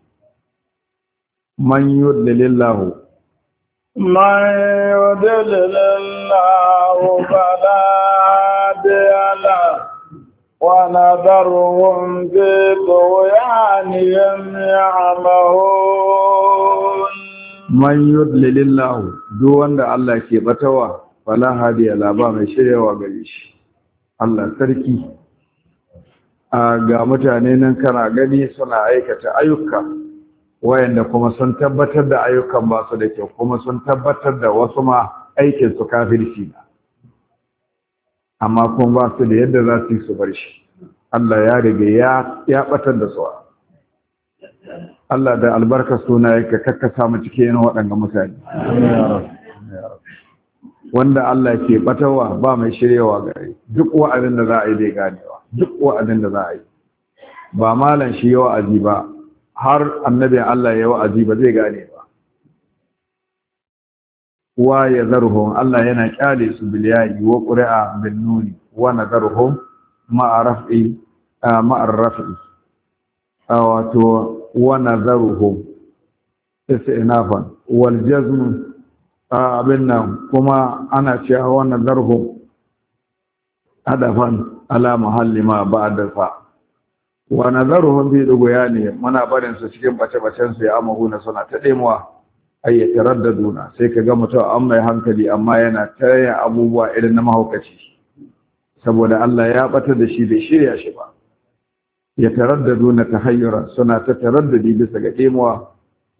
man yudlilillahu من يدلل الله فلا هادي ونذرهم في طغيانهم يعمهون من يدلل الله دو وند الله كي بتوا فلا هادي على بام الشريع وقليش الله تركي Allah sarki a ga mutane nan kana gani suna aikata ayyuka wayanda kuma sun tabbatar da ayyukan ba su da kyau kuma sun tabbatar da wasu ma aikin su kafirci na amma kuma ba su da yadda za su yi su bar shi Allah ya riga ya ya batar da su Allah da albarka suna yake kakkasa mu cikin waɗannan mutane wanda Allah ke batawa ba mai shiryawa gare duk wa'azin da za a yi bai ganewa duk wa'azin da za a yi ba malam shi yawa aji ba har annabin Allah ya wa'azi ba zai gane ba wa ya zarhum Allah yana kyale su bil yayi wa qur'a bin nuni wa nadarhum ma'a raf'i ma'a raf'i wato wa na istinafan wal jazm abin nan kuma ana cewa wa nazaruhum hadafan ala mahalli ma ba'da fa wa nazaruhum bi dugyani muna barin su cikin bace-bacen su ya amahuna suna ta demuwa ay yataraddaduna sai ka kaga mutum an mai hankali amma yana tayar abubuwa irin na mahaukaci saboda Allah ya batar da shi bai shirya shi ba yataraddaduna tahayyura suna ta taraddadi bisa ga demuwa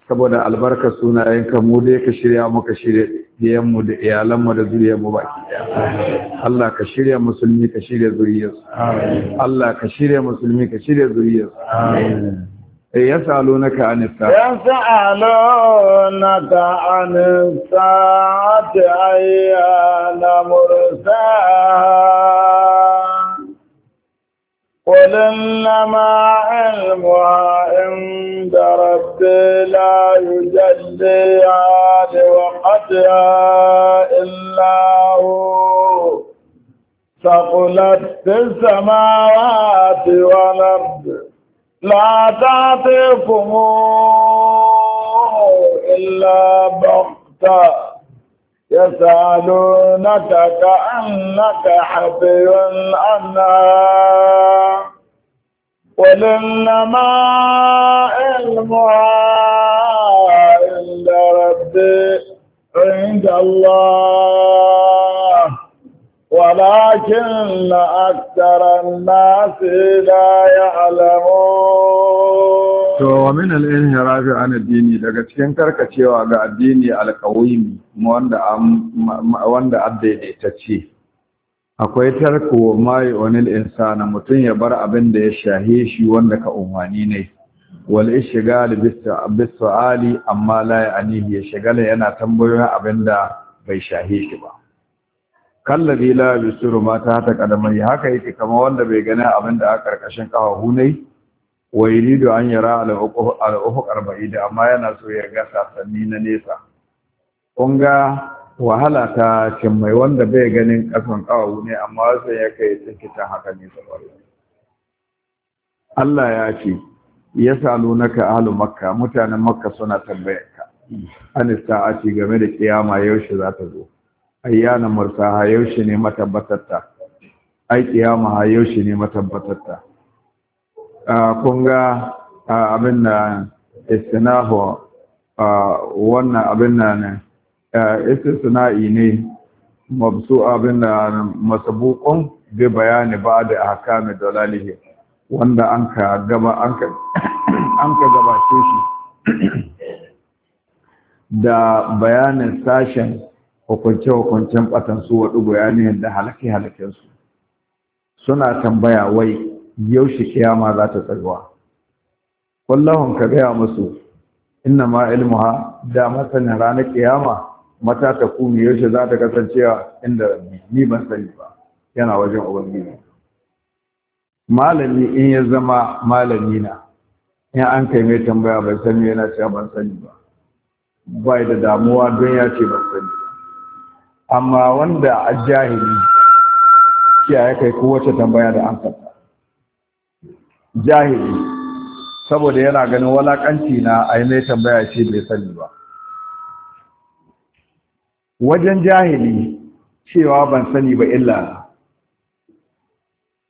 saboda albarkar suna ka mu dai ka shirya muka shirye diyanmu da iyalanmu da zuriyarmu baki daya Allah ka shirya musulmi ka shirya zuriyarsu Allah ka shirya musulmi ka shirya zuriyarsu amin يسألونك ka الساعة يسألونك عن الساعة أيان مرساها قل إنما علمها عند ربي لا يجليها لوقتها إلا هو ثقلت في السماوات والأرض لا تعطيكم إلا بغتة يسألونك كأنك حفي عنها قل إنما علمها عند ربي عند الله ولكن أكثر الناس لا يعلمون to min al an addini daga cikin karkacewa ga addini al-qawimi wanda wanda addaidaitacce akwai tarku ma wani insana mutun ya bar abin da ya shahe shi wanda ka umwani ne wal ishgal bis ali, amma la ya'nihi ya shagala yana tambayoyin abin da bai shahe shi ba kallabi la bisu mata ta ta kadamai haka yake kamar wanda bai gane abin da a karkashin kafahu ne wa yuridu an yara al-ufuq al-ba'id amma yana so ya ga sasanni na nesa kun wahala ta cin mai wanda bai ganin kasan kawawu ne amma sai ya kai ta haka ne Allah ya ce ya naka ahlu makka mutanen makka suna tambayarka an sa'ati game da kiyama yaushe za ta zo ayyana mursaha yaushe ne matabbatarta ai kiyama ha yaushe ne matabbatarta kunga abin da istinahu wannan abin da ne istisna'i ne mabsu abin da masabukun bi bayani ba da mai dalalihi wanda an ka gaba an ka *coughs* an ka shi *coughs* da bayanin sashen hukunce-hukuncen batansu waɗu bayanin da halake-halakensu suna tambaya wai yaushe kiyama za ta tsarwa kullahun ka gaya musu inna ma ilmuha da masanin ranar kiyama mata ta kumi yaushe za ta kasancewa inda rabbi ni ban sani ba yana wajen ubangiji malami in ya zama malami na in an kai mai tambaya bai sani yana cewa ban sani ba bai da damuwa don ya ce ban sani amma wanda a jahili kiyaye kai kowace tambaya da amsa jahili saboda yana ganin walakanci na a yi mai tambaya ce bai sani ba wajen jahili cewa ban sani ba illa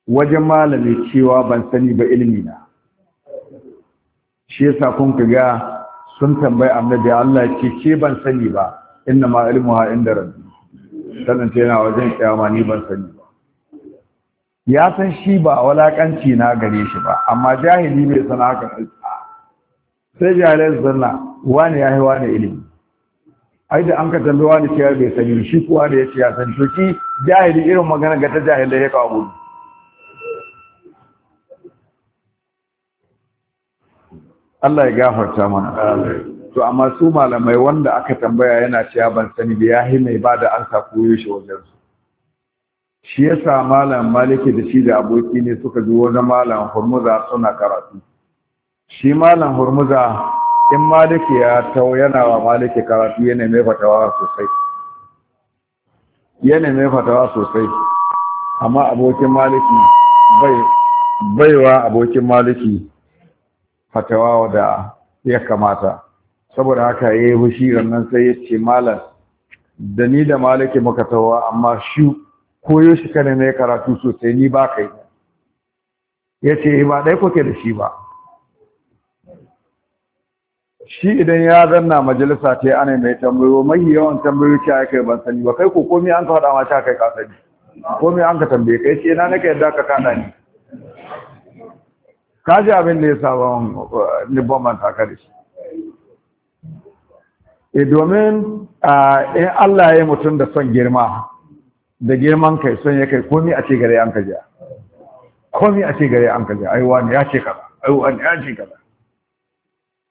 wajen malami cewa ban sani ba ilmi na shi yasa kun ga sun tambayi annabi Allah ce ce ban sani ba inna ma ilmuha inda rabbi sanan ta yana wajen kiyama ni ban sani ya san shi ba walakanci na gare shi ba amma jahili bai sana haka sai jahilai su zanna wani ya yi wani ilimi ai da an ka tambi wani ciyar bai sani shi kuwa da ya ce ya san to shi jahili irin magana ga ta da ya kawo gudu Allah ya gafarta mana to amma su malamai wanda aka tambaya yana cewa ban sani da ya yi mai ba da an sa koyo shi wajen su shi ya sa malam maliki da shi da aboki ne suka ji wani malam hormuza suna karatu shi malam hormuza in maliki ya tau yana wa maliki karatu yana mai fatawa sosai yana mai fatawa sosai amma abokin maliki bai wa abokin maliki fatawa da ya kamata saboda haka ya yi hushi nan sai ya ce malam da ni da maliki muka tawa amma shi koyo shi na ne karatu sosai ni ba kai ya ce eh, ba ɗai kuke da shi ba shi idan ya zanna majalisa ta yi ana mai tambayo mai yawan tambayo ce a kai ban sani ba kai ko komi an ka faɗa ma ta kai ka sani komi an ka tambaye kai ce na nake yadda ka kaɗa ne ka ji abin da ya sabon ban man taka da shi e domin ah, in Allah ya mutum da son girma da girman kai son ya kai komi a ce gare an ka ja komi a ce gare an ka ja ai wani ya ce kaza ai wani ya ce kaza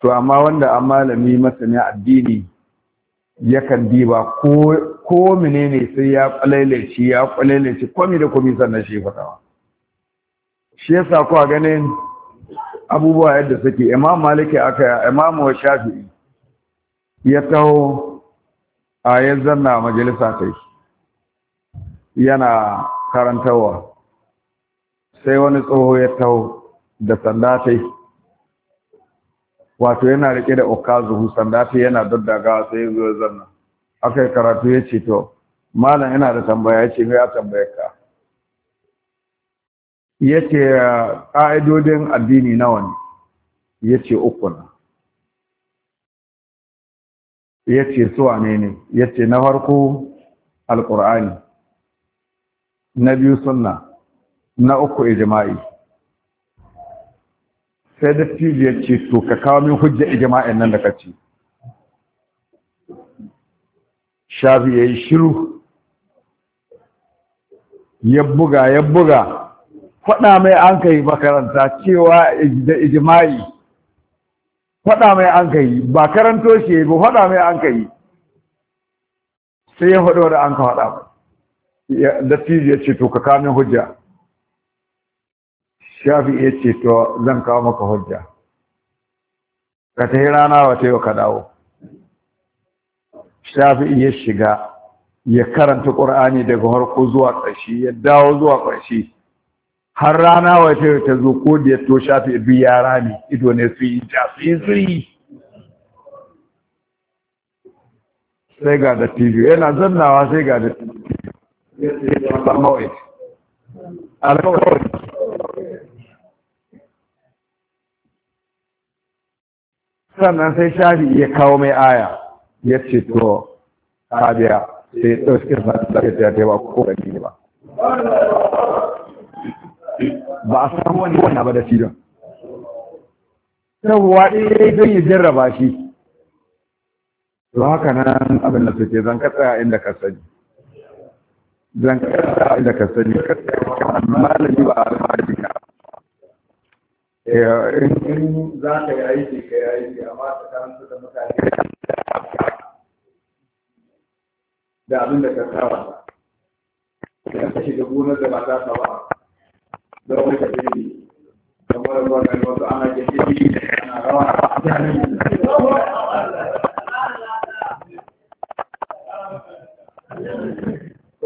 to amma wanda an malami masana addini yakan diba ko ko menene sai ya shi ya shi komi da komi sannan shi fatawa shi yasa kuwa ganin abubuwa yadda suke imam maliki aka imam wa shafi'i ya taho a yanzu na majalisa ta yi yana karantarwa sai wani tsoho ya taho da sanda ta yi wato yana rike da okazuhu sanda ta yana daddagawa sai ya zo ya zanna aka yi karatu ya ce to malam yana da tambaya ya ce ya tambaya ka ya ce ƙa'idodin addini nawa ne ya ce uku na ya ce suwa ne ne ya ce na farko alƙur'ani na biyu sunna na uku ijma'i sai da ya ce to ka kawo min hujja ijma'in nan da kace shafi ya yi shiru ya buga ya buga faɗa mai an kai makaranta cewa da ijma'i faɗa mai an kai ba karanto shi ba faɗa mai an kai sai ya faɗo da an ka faɗa mai dattijo ya ce to ka kamin hujja shafi ya ce to zan kawo maka hujja ka ta yi rana yi yau ka dawo shafi ya shiga ya karanta ƙur'ani daga harko zuwa ƙarshe ya dawo zuwa ƙarshe har rana wa ta zo ko da ya to shafi bi yara ne ido ne su yi ja su yi zuri sai ga tv yana zannawa sai ga tv الموعد الموعد sannan sai shafi ya kawo mai aya ya ce to kabiya sai ɗauki sarki ta ba ko da ne ba ba a samu wani wani ba da shi eh, don yawwa ɗaya don yi jarraba shi to haka nan abin da suke zan katsaya inda ka sani zan kasa da ka sani kasa kan malami ba alhaji ka eh, in za ka yi aiki ka yi aiki amma ka karanta da mutane da abin da ka saba da ka shiga gonar da ba za ta ba don wata jirgi da wani gwamnati wasu ana jirgi da ana rawa a jami'in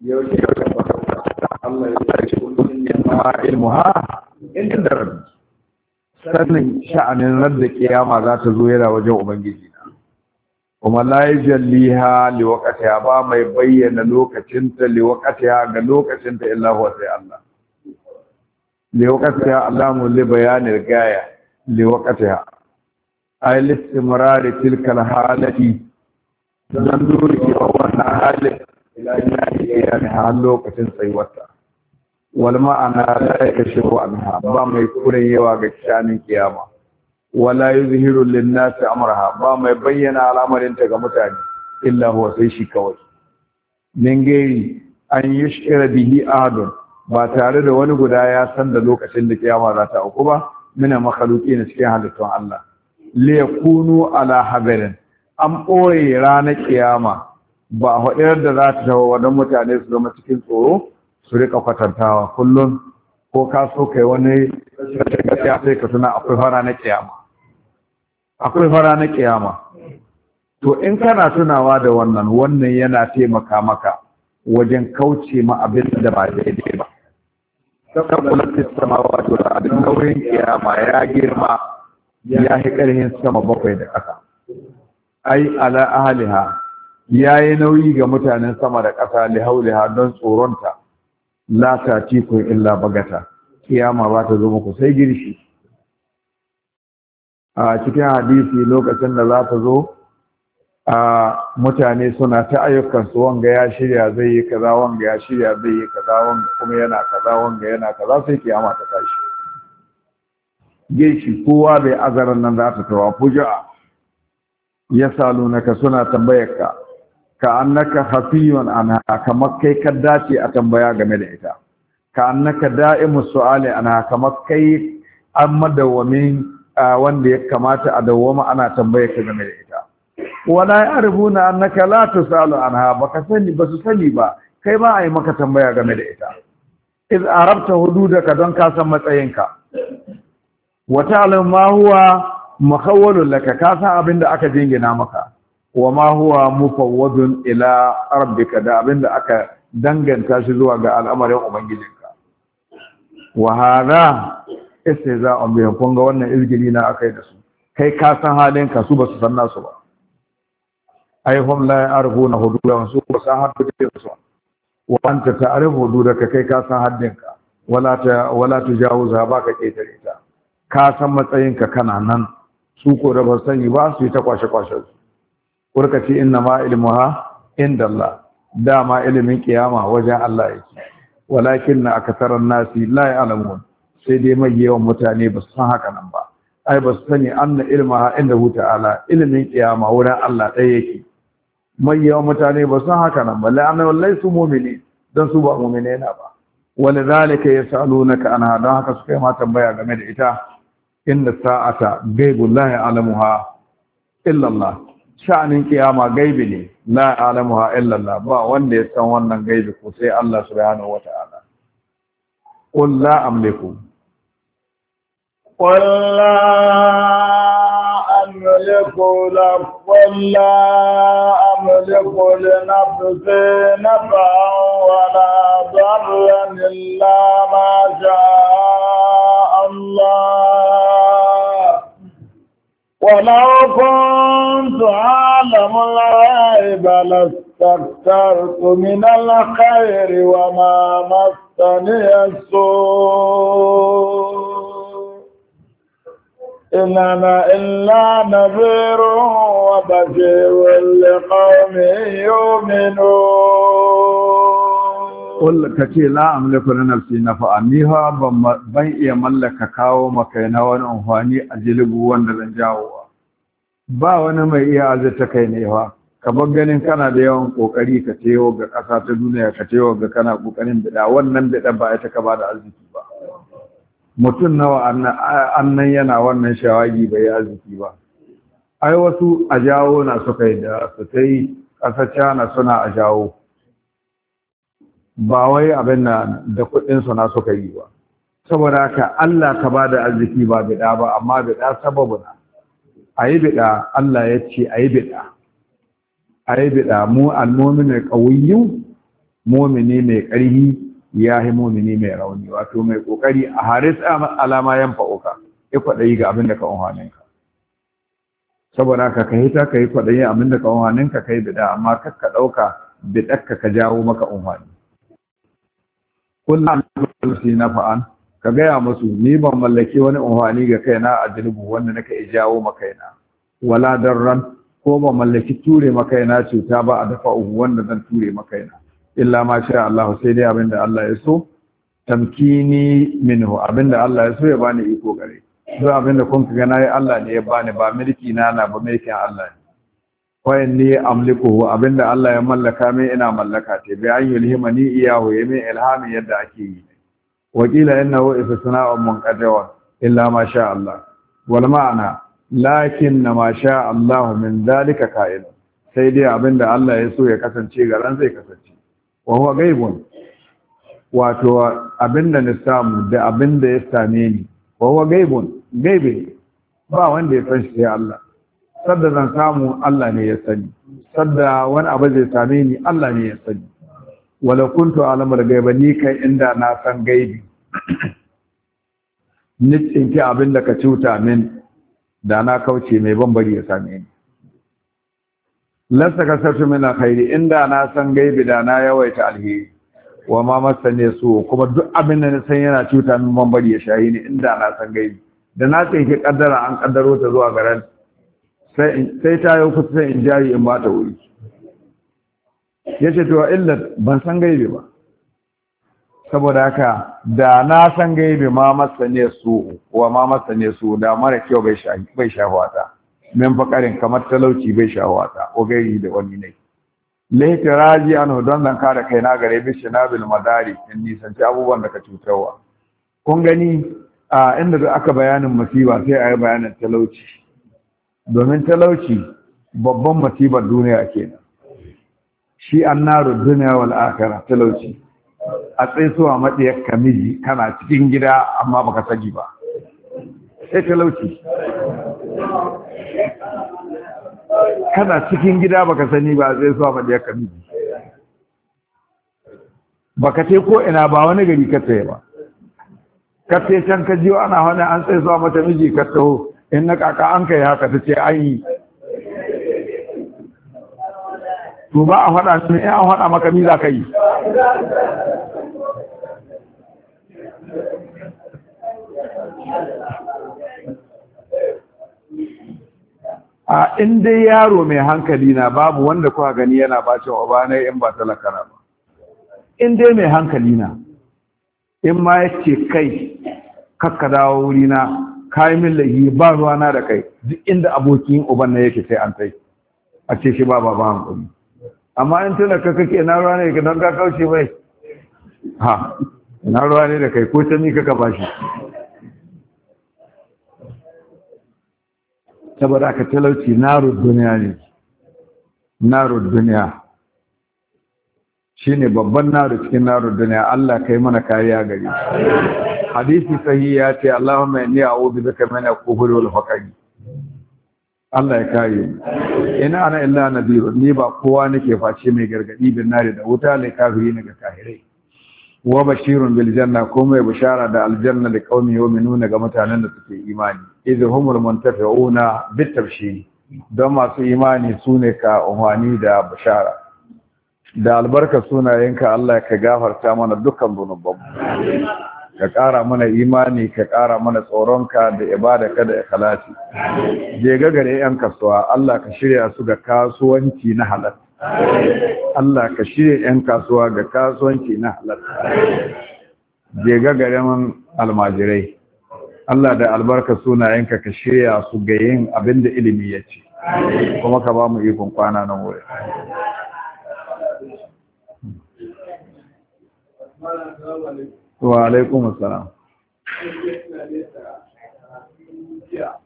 yau ne ka kafa Allah ya ce kullun ya ma ilmuha sha'anin ran da kiyama za ta zo yana wajen ubangiji na kuma la liha li waqtiha ba mai bayyana lokacinta ta li ga lokacinta ta illa sai Allah li waqtiha alamu li bayanil gaya li waqtiha ay listimrar tilka al halati dan duri wa wannan halati ila yana har lokacin tsayuwarta wal ma'ana la yakashifu anha ba mai yawa ga shanin kiyama wala yuzhiru lin nasi amraha ba mai bayyana al'amarin ta ga mutane illa huwa sai shi kawai min gairi an yushira bihi ahadun ba tare da wani guda ya san da lokacin da kiyama za ta auku ba mina makhluqi na cikin halittun Allah li yakunu ala habarin an ɓoye ranar kiyama ba a haɗe da za ta tawo waɗannan mutane su zama cikin tsoro su rika kwatantawa kullum ko ka so kai wani gaskiya sai ka tuna akwai fara na kiyama akwai fara na kiyama to in kana tunawa da wannan wannan yana taimaka maka wajen kauce ma abin da ba daidai ba saboda sama wato da abin nauyin kiyama ya girma ya yi ƙarfin sama bakwai da ƙasa ai ala ahliha Ya yi nauyi ga mutanen sama da ƙasa li hauliha don tsoronta lata kun illa bagata kiyama ba ta zo muku sai girshi a cikin hadisi lokacin da za ta zo a mutane suna ta ayyukansu wanga ya shirya zai yi kaza wanga ya shirya zai yi kaza wanga kuma yana kaza wanga yana kaza sai kiyama ta tashi girshi kowa bai azarar nan za ta tawa fuja'a ya salunaka suna tambayarka ka annaka hafiyun ana kamar kai ka dace a tambaya game da ita ka annaka da'imu su'ali ana kamar kai an madawwamin wanda ya kamata a dawwama ana tambaya ka game da ita wala ya'rifuna annaka la tusalu anha baka sani basu sani ba kai ba a yi maka tambaya game da ita iz arabta hududaka don ka san matsayinka wa ta'lam ma huwa makhawwalun laka ka san abinda aka jingina maka wa ma huwa mufawwadun ila rabbika da abinda aka danganta shi zuwa ga al'amarin ubangijinka wa hadha istihza'un bihim kun ga wannan izgili na akai da su kai ka san halin ka su basu san nasu ba ai hum la ya'rifuna hududan su ba san haddin su wa anta ta'rifu hududaka kai ka san haddin ka wala ta wala tujawuza ba ka ketare ta ka san matsayin ka kana nan su ko da ba sani ba su ta kwashe kwashe su kurka ce inna ma ilmuha inda Allah dama ilimin kiyama wajen Allah yake walakin na akataran nasi la ya'lamun sai dai mai yawan mutane ba su san haka nan ba ai ba su sani anna ilmaha inda hu ta'ala ilimin kiyama wurin Allah ɗaya yake mai yawan mutane ba su san haka nan ba la'anna wallahi su mu'mini dan su ba mu'mine na ba wani zalika ya sa'alunaka anha don haka suka yi ma tambaya game da ita inna sa'ata gaibullahi alamuha illallah sha'anin kiyama gaibi ne la alamuha illallah ba wanda ya san wannan gaibi ko sai Allah subhanahu wata'ala qul la amliku qul la amliku la qul la amliku li nafsi naf'an wa la illa ma sha'a Allah ولو كنت كنت عالم الغيب لاستكثرت من الخير وما مسني السوء إن أنا إلا نذير وبشير لقوم يؤمنون kul ka ce la amliku na nafsi nafa'a ni fa ban iya mallaka kawo maka wani amfani a jilibu zan jawo ba wani mai iya azurta kai ne fa kamar ganin kana da yawan kokari ka tewo ga ƙasa ta duniya ka tewo ga kana kokarin bida wannan bida ba ita ka ba da arziki ba mutum nawa annan yana wannan shawagi bai yi arziki ba ai wasu a jawo na suka yi da su ta yi cana suna a jawo ba wai abin na da kuɗinsu na suka yi ba saboda haka allah ka ba da arziki ba bida ba amma bida sababu a yi biɗa Allah ya ce a yi biɗa a yi biɗa mu almomini ƙawiyu momini mai ƙarfi, ya yi momini mai rauni wato mai ƙoƙari a haris alama yan fa'oka ya kwaɗayi ga abin da ka unhaninka saboda ka ka hita ka yi kwaɗayi abin da ka unhaninka ka yi biɗa amma kar ka ɗauka biɗakka ka jawo maka unhani kullum na fa'an ka gaya masu ni ban mallaki wani unhwani ga kaina a zunubu wanda naka ijawo makaina wala darran ko ban mallaki ture makaina cuta ba a dafa uhu wanda zan ture makaina illa ma sha Allah sai dai abinda Allah ya so tamkini minhu abinda Allah ya so ya bani iko gare duk abinda kun ka gana ya Allah ne ya bani ba mulki na na ba mulkin Allah ne wayan ni abinda Allah ya mallaka mai ina mallaka te bayan yulhimani iyahu yami ilhami yadda ake yi wakila innahu istisna'un munqati'un illa ma sha Allah Wani ma'ana lakin ma sha Allah min zalika ka'in sai dai abinda Allah ya so ya kasance ga ran zai kasance wa huwa gaibun wato abinda na samu da abinda ya same ni wa huwa gaibun gaibe ba wanda ya san shi sai Allah sadda zan samu Allah ne ya sani sadda wani abu zai same ni Allah ne ya sani wala kuntu alamar gaiba ni kai inda na san gaibi Ni ki abin da ka cuta min da na kauce mai bambari ya same ni lasa ka sarfi min alkhairi inda na san gaibi da na yawaita alheri wa ma ne su kuma duk abin da na san yana cuta min bambari ya shayi ni inda na san gaibi da na tsinki kaddara an kaddaro ta zuwa garan sai ta yi kusa in jari in ba ta wuri ya ce to illar ban san gaibi ba saboda haka da na san gaibe ma masa ne su wa ma masa ne su da mara kyau bai sha wata min fakarin kamar talauci bai sha wata ko gairi da wani ne laita raji an don zan kada kai na gare bishi na bil madari in nisanci abubuwan da ka cutarwa kun gani a inda aka bayanin masiba sai a yi bayanin talauci domin talauci babban masibar duniya kenan shi annaru duniya wal akhirah talauci a tsaisuwa matsayar kamiji kana cikin gida amma baka sani ba sai talauci kana cikin gida baka sani ba zai suwa matsayar kamiji baka ce ko ina ba wani gari ka tsaye ba ka ce can ka jiwa ana wani an tsaye suwa mata miji ka taho in na kaka an kai haka ta ce an yi to ba a faɗa ne ya faɗa maka za a in yaro mai hankali na babu wanda kuka gani yana bacin obana in ba talakara ba in mai hankali na in ma ya kai kakka dawo wuri na kayan min lahi ba na da kai duk inda abokin uban na yake sai an a ce shi ba ba ba hankali amma in tuna ka kake na ruwa ne ka don ka kauce bai ha na ruwa ne da kai ko ta mi kaka bashi saboda aka talauci naru duniya ne naru duniya shi ne babban naru cikin naru duniya Allah ka yi mana kariya gari hadisi sahi ya ce Allahumma inni a'udhu bika min al-kufri wal faqr Allah ya kayi ina ana illa nadiru ni ba kowa nake face mai gargadi bin nari da wuta lai kafiri ne ga kahirai wa bashirun bil janna kuma ya bishara da aljanna da qaumi nuna ga mutanen da suke imani idh humul muntafi'una bit tabshiri don masu imani ne ka umani da bishara da albarka sunayenka Allah ya ka gafarta mana dukkan zunubanmu ka ƙara mana imani ka ƙara mana tsoronka da ibadaka da ikhlasi je ga gare yan kasuwa Allah ka shirya su ga kasuwanci na halal Allah ka shirya yan kasuwa ga kasuwanci na halal je ga gare man almajirai Allah da albarka sunayenka ka shirya su ga yin abin da ilimi ya ce kuma ka ba mu ikon kwana nan wuri Thank you. wa alaikum assalam ya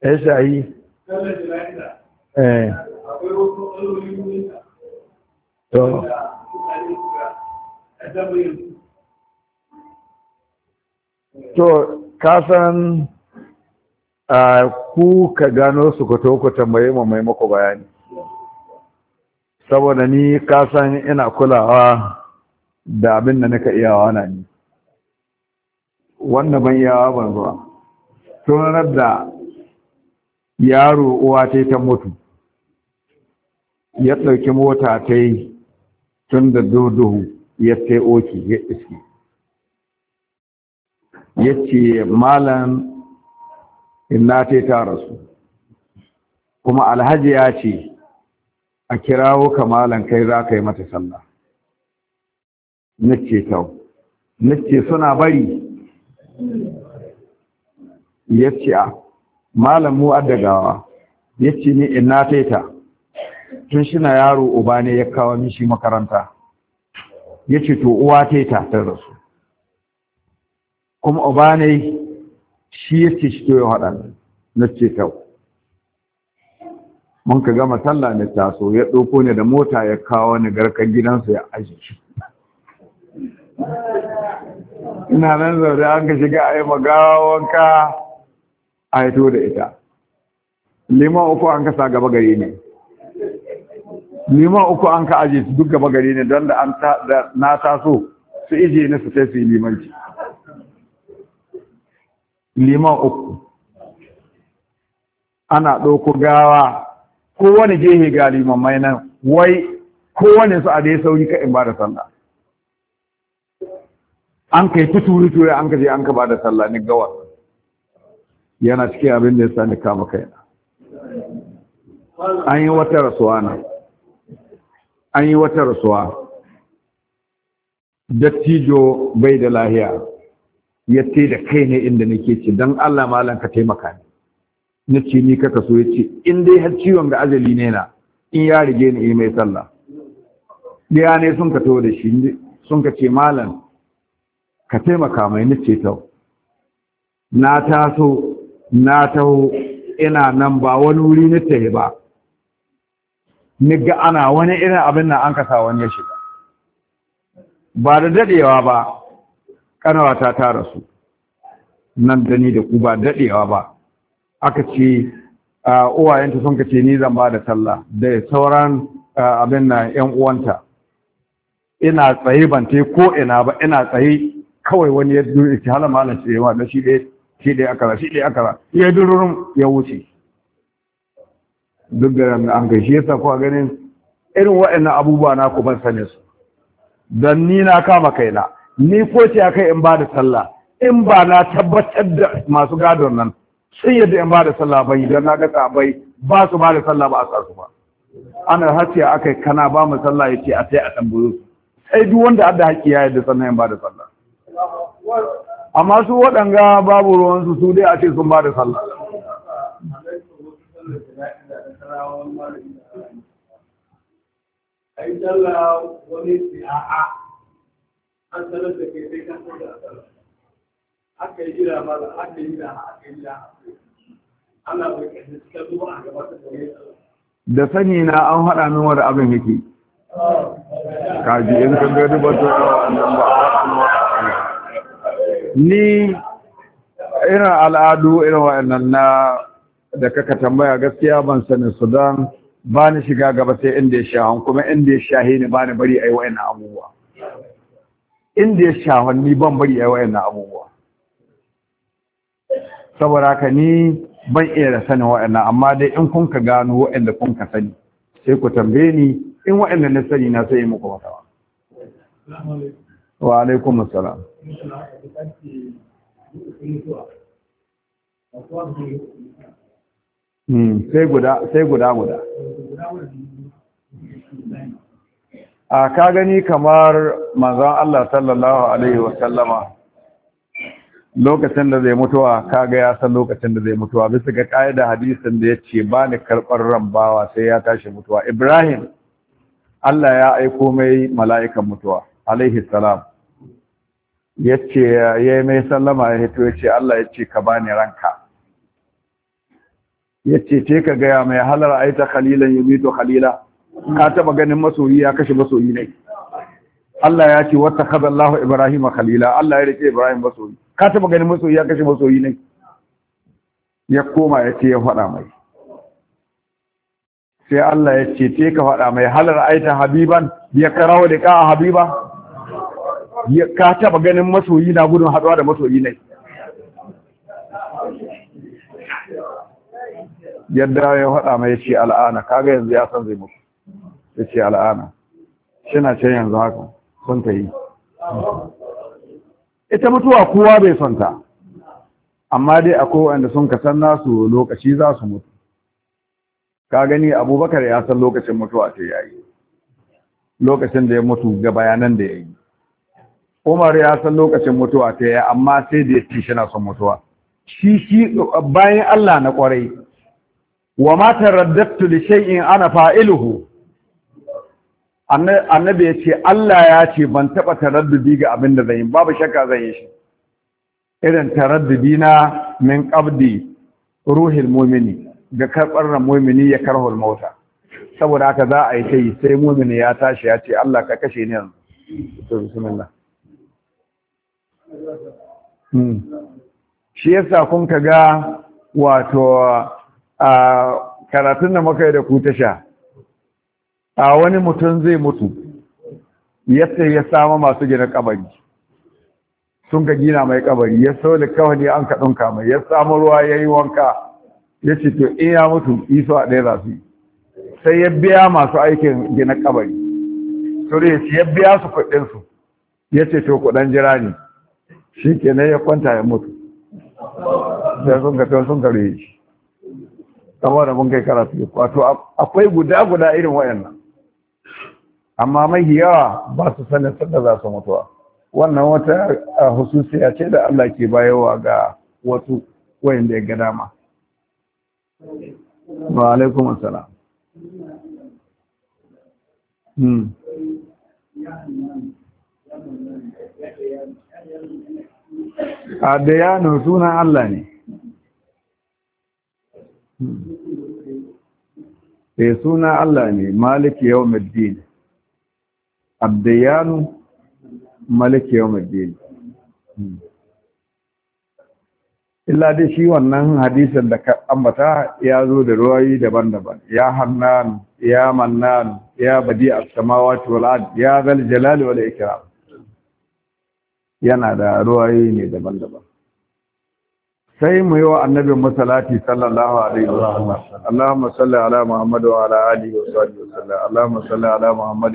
eh, shayi eh to to kasan ku ka gano su ku to tambaye mu mai muku bayani saboda ni kasan ina kulawa da abin da nika iyawa na ni wanda ban iyawa ban zuwa tunanar da yaro uwa ta ta mutu ya ɗauki mota ta yi tun da duhu ya ta oki ya iske ya malam inna ta ta rasu kuma alhaji ya ce a kirawo ka malam kai za ka yi mata sallah nace tau nace suna bari ya a malam mu addagawa ya ni inna ta ta tun shina yaro uba ne ya kawo mishi makaranta yace to uwa ta ta rasu kuma uba ne shi ya ce shi toye ya na ce tau mun ka gama sallah na taso ya ɗoko ne da mota ya kawo ni garkan gidansa ya aji ina nan zaune an ka shiga a yi magawanka a yi da ita liman uku an ka sa gaba gari ne liman uku an ka aji su duk gaba gari ne don da na taso su ije ni su tafi limanci liman uku ana ɗauko gawa kowane jehe ga mai nan wai kowane su a dai sauri ka in ba da sallah an kai tuturi ture an kaje an ka ba da sallah ni gawa yana cikin abin da ya sa ni kama na an yi wata rasuwa na an yi wata rasuwa dattijo bai da lahiya ya ce da kai ne inda nake ce don Allah malam ka taimaka ni na ce ni kaka so ya ce in dai har ciwon ga ajali ne na in ya rige ni in mai sallah ɗaya ne sun ka taho da shi sun ka ce malam ka taimaka mai na ce tau na taso na taho ina nan ba wani wuri na tahi ba ni ga ana wani irin abin na an kasa wani ya shiga ba da dadewa ba kanawata ta rasu nan da ni da ku ba dadewa ba aka ce uwayenta sun kace ni zan ba da talla da sauran abin na yan uwanta ina tsaye ban te ko ina ba ina tsaye kawai wani ya duru hala malam ce ma da shi dai shi dai akara shi dai akara ya dururun ya wuce duk da an gaishe yasa ganin irin waɗannan abubuwa na ku ban sane su dan ni na kama kaina ni ko ce akai in ba da sallah in ba na tabbatar da masu gadon nan sun yadda in ba da sallah bai don na ga bai ba su ba da sallah ba a sa ba ana hasiya akai kana ba mu sallah yace a sai a tambayo sai duk wanda adda haƙi ya yadda sannan in ba da sallah amma su waɗanga babu ruwansu su dai a ce sun ba da sallah ai sallah a'a da ke sani na an haɗa min wani abin yake kaji in kan ga duba ba ni irin al'adu irin wa'annan na da kaka tambaya gaskiya ban sanin su don ba ni shiga gaba sai inda ya sha kuma inda ya sha ni ba ni bari a yi wa'annan abubuwa inda ya ni ban bari yayi wayannan abubuwa saboda haka ni ban iya da sanin wayannan amma dai in kun ka gano wayanda kun ka sani sai ku tambaye ni in wayannan na sani na sai muku fatawa wa alaikum assalam hmm, sai guda sai guda guda a ka gani kamar manzan Allah sallallahu alaihi wasallama lokacin da zai mutuwa kaga ya san lokacin da zai mutuwa bisa ga da hadisin da ya ce ba ni karbar rambawa sai ya tashi mutuwa Ibrahim Allah ya aiko mai mala'ikan mutuwa alaihi salam ya yi mai sallama ya hito ce Allah ya ce ka bani ranka yace ce ka gaya mai halar aita khalilan yumitu khalila ka taba ganin masoyi ya kashe masoyi ne Allah ya ce wata kaza Allah Ibrahim khalila Allah ya rike Ibrahim masoyi ka taba ganin masoyi ya kashe masoyi ne ya koma ya ce ya faɗa mai sai Allah ya ce te ka faɗa mai halar aita habiban ya karawo da ka habiba ka taba ganin masoyi na gudun haɗuwa da masoyi ne yadda ya faɗa mai ya ce al'ana kaga yanzu ya san zai mutu ya ce al'ana shina ce yanzu haka sun ta yi ita mutuwa kowa bai son ta amma dai akwai wanda sun kasan nasu lokaci za su mutu ka gani abubakar ya san lokacin mutuwa ta yi lokacin da ya mutu ga bayanan da ya yi umar ya san lokacin mutuwa ta ya amma sai da ya ci shi na son mutuwa shi shi bayan allah na kwarai wa matar raddattu li shay'in ana fa'iluhu annabi ya ce Allah ya ce ban taɓa taraddudi ga abin da zan yi babu shakka zan yi shi irin taraddudi na min qabdi ruhin mu'mini ga karɓar ran mu'mini ya karhul mauta saboda haka za a yi ta sai mu'mini ya tashi ya ce Allah ka kashe ni yanzu to bismillah hmm. shi yasa kun ka ga wato karatun da muka yi da ku ta sha. a wani mutum zai mutu yadda ya samu masu gina kabari sun ka gina mai kabari ya sau da kawai an ka ɗunka mai ya samu ruwa ya yi wanka ya ce to in ya mutu iso a ɗaya za su yi sai ya biya masu aikin gina kabari sure ya biya su kuɗinsu ya ce to kuɗan jira ne shi kenan ya kwanta ya mutu sai sun ka sun kare shi kamar da mun kai karatu wato akwai guda guda irin wayannan amma mai yawa ba su sanin sanda za su mutuwa wannan wata hususiya ce da Allah ke bayarwa ga wasu wayanda ya ga dama wa alaikum assalam hmm a da sunan Allah ne sai hmm. eh, suna Allah ne maliki yau maddini abdiyanu maliki yawmiddin illa dai shi wannan hadisin da ka ambata ya zo da ruwayi daban-daban ya hannan ya mannan ya badi as-samawati wal ard ya zal jalali wal ikram yana da ruwayi ne daban-daban sai mu yi wa annabi masalati sallallahu alaihi wa sallam Allahumma salli ala Muhammad wa ala alihi wa sahbihi wa sallam Allahumma salli ala Muhammad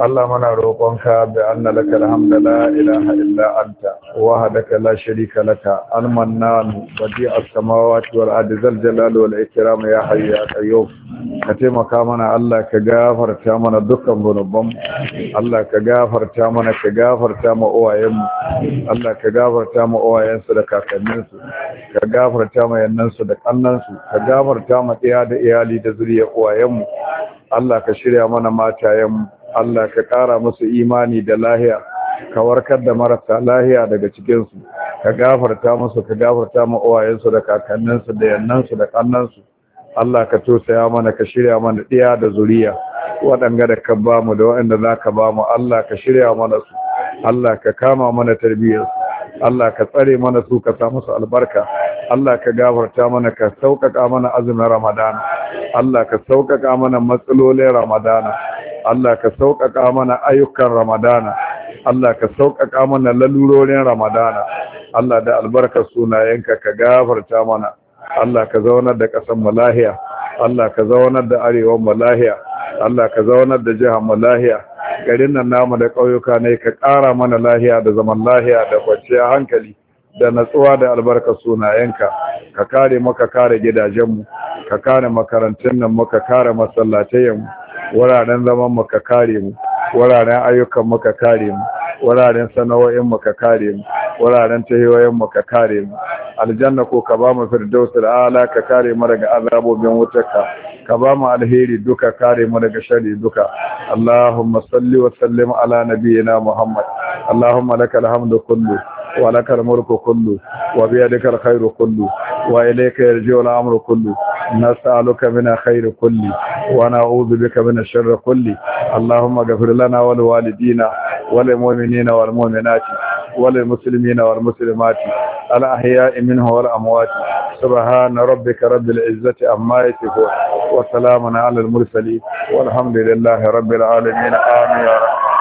Allah muna roƙonka da anna laka alhamdu la ilaha illa anta wahdaka la sharika laka almannan badi as-samawati wal ardi zal jalali wal ikram ya hayyu ya qayyum ka taimaka mana Allah ka gafarta mana dukkan zunuban Allah ka gafarta mana ka gafarta ma uwayen Allah ka gafarta ma uwayen su da kakannin su ka gafarta ma yannan su da kannan su ka gafarta ma iya da iyali da zuriyar uwayen mu Allah ka shirya mana matayen mu Allah ka ƙara musu imani da lahiya ka warkar da marasa lahiya daga cikinsu ka gafarta musu ka gafarta ma'uwayensu da kakanninsu da yannansu da kannansu Allah ka tosaya mana ka shirya mana ɗiya da zuriya waɗanga da ka ba mu da waɗanda za ka ba mu Allah ka shirya mana su Allah ka kama mana tarbiyyarsu Allah ka tsare mana su ka samu su albarka Allah ka gafarta mana ka sauƙaƙa mana azumin Ramadana Allah ka sauƙaƙa mana matsalolin Ramadana Allah ka sauƙaƙa mana ayyukan Ramadana Allah ka sauƙaƙa mana lalurorin Ramadana Allah da albarkar sunayenka ka gafarta mana Allah ka zaunar da ƙasar malahiya Allah ka zaunar da arewan malahiya Allah ka zaunar da jihar malahiya garin nan namu da ƙauyuka ne ka ƙara mana lahiya da zaman lahiya da kwanciyar hankali da natsuwa da albarkar sunayenka ka kare maka kare gidajenmu ka kare makarantun nan muka kare masallatayenmu wuraren zaman mu kare mu wuraren ayyukan mu kare mu wuraren sanawoyin mu ka kare mu wuraren tahiyoyin mu ka kare mu aljanna ko ka ba mu firdausul ala ka kare mu daga azabobin wutarka ka ba mu alheri duka kare mu daga Shari duka allahumma salli wa sallim ala nabiyyina muhammad allahumma lakal hamdu kullu wa lakal mulku kullu wa biyadika alkhairu kullu wa ilayka yarji'u al'amru kullu نسألك من خير كل ونعوذ بك من الشر كل اللهم اغفر لنا ولوالدينا والمؤمنين والمؤمنات وللمسلمين والمسلمات الأحياء منه والأموات سبحان ربك رب العزة أما يتفون وسلام على المرسلين والحمد لله رب العالمين آمين يا رحمن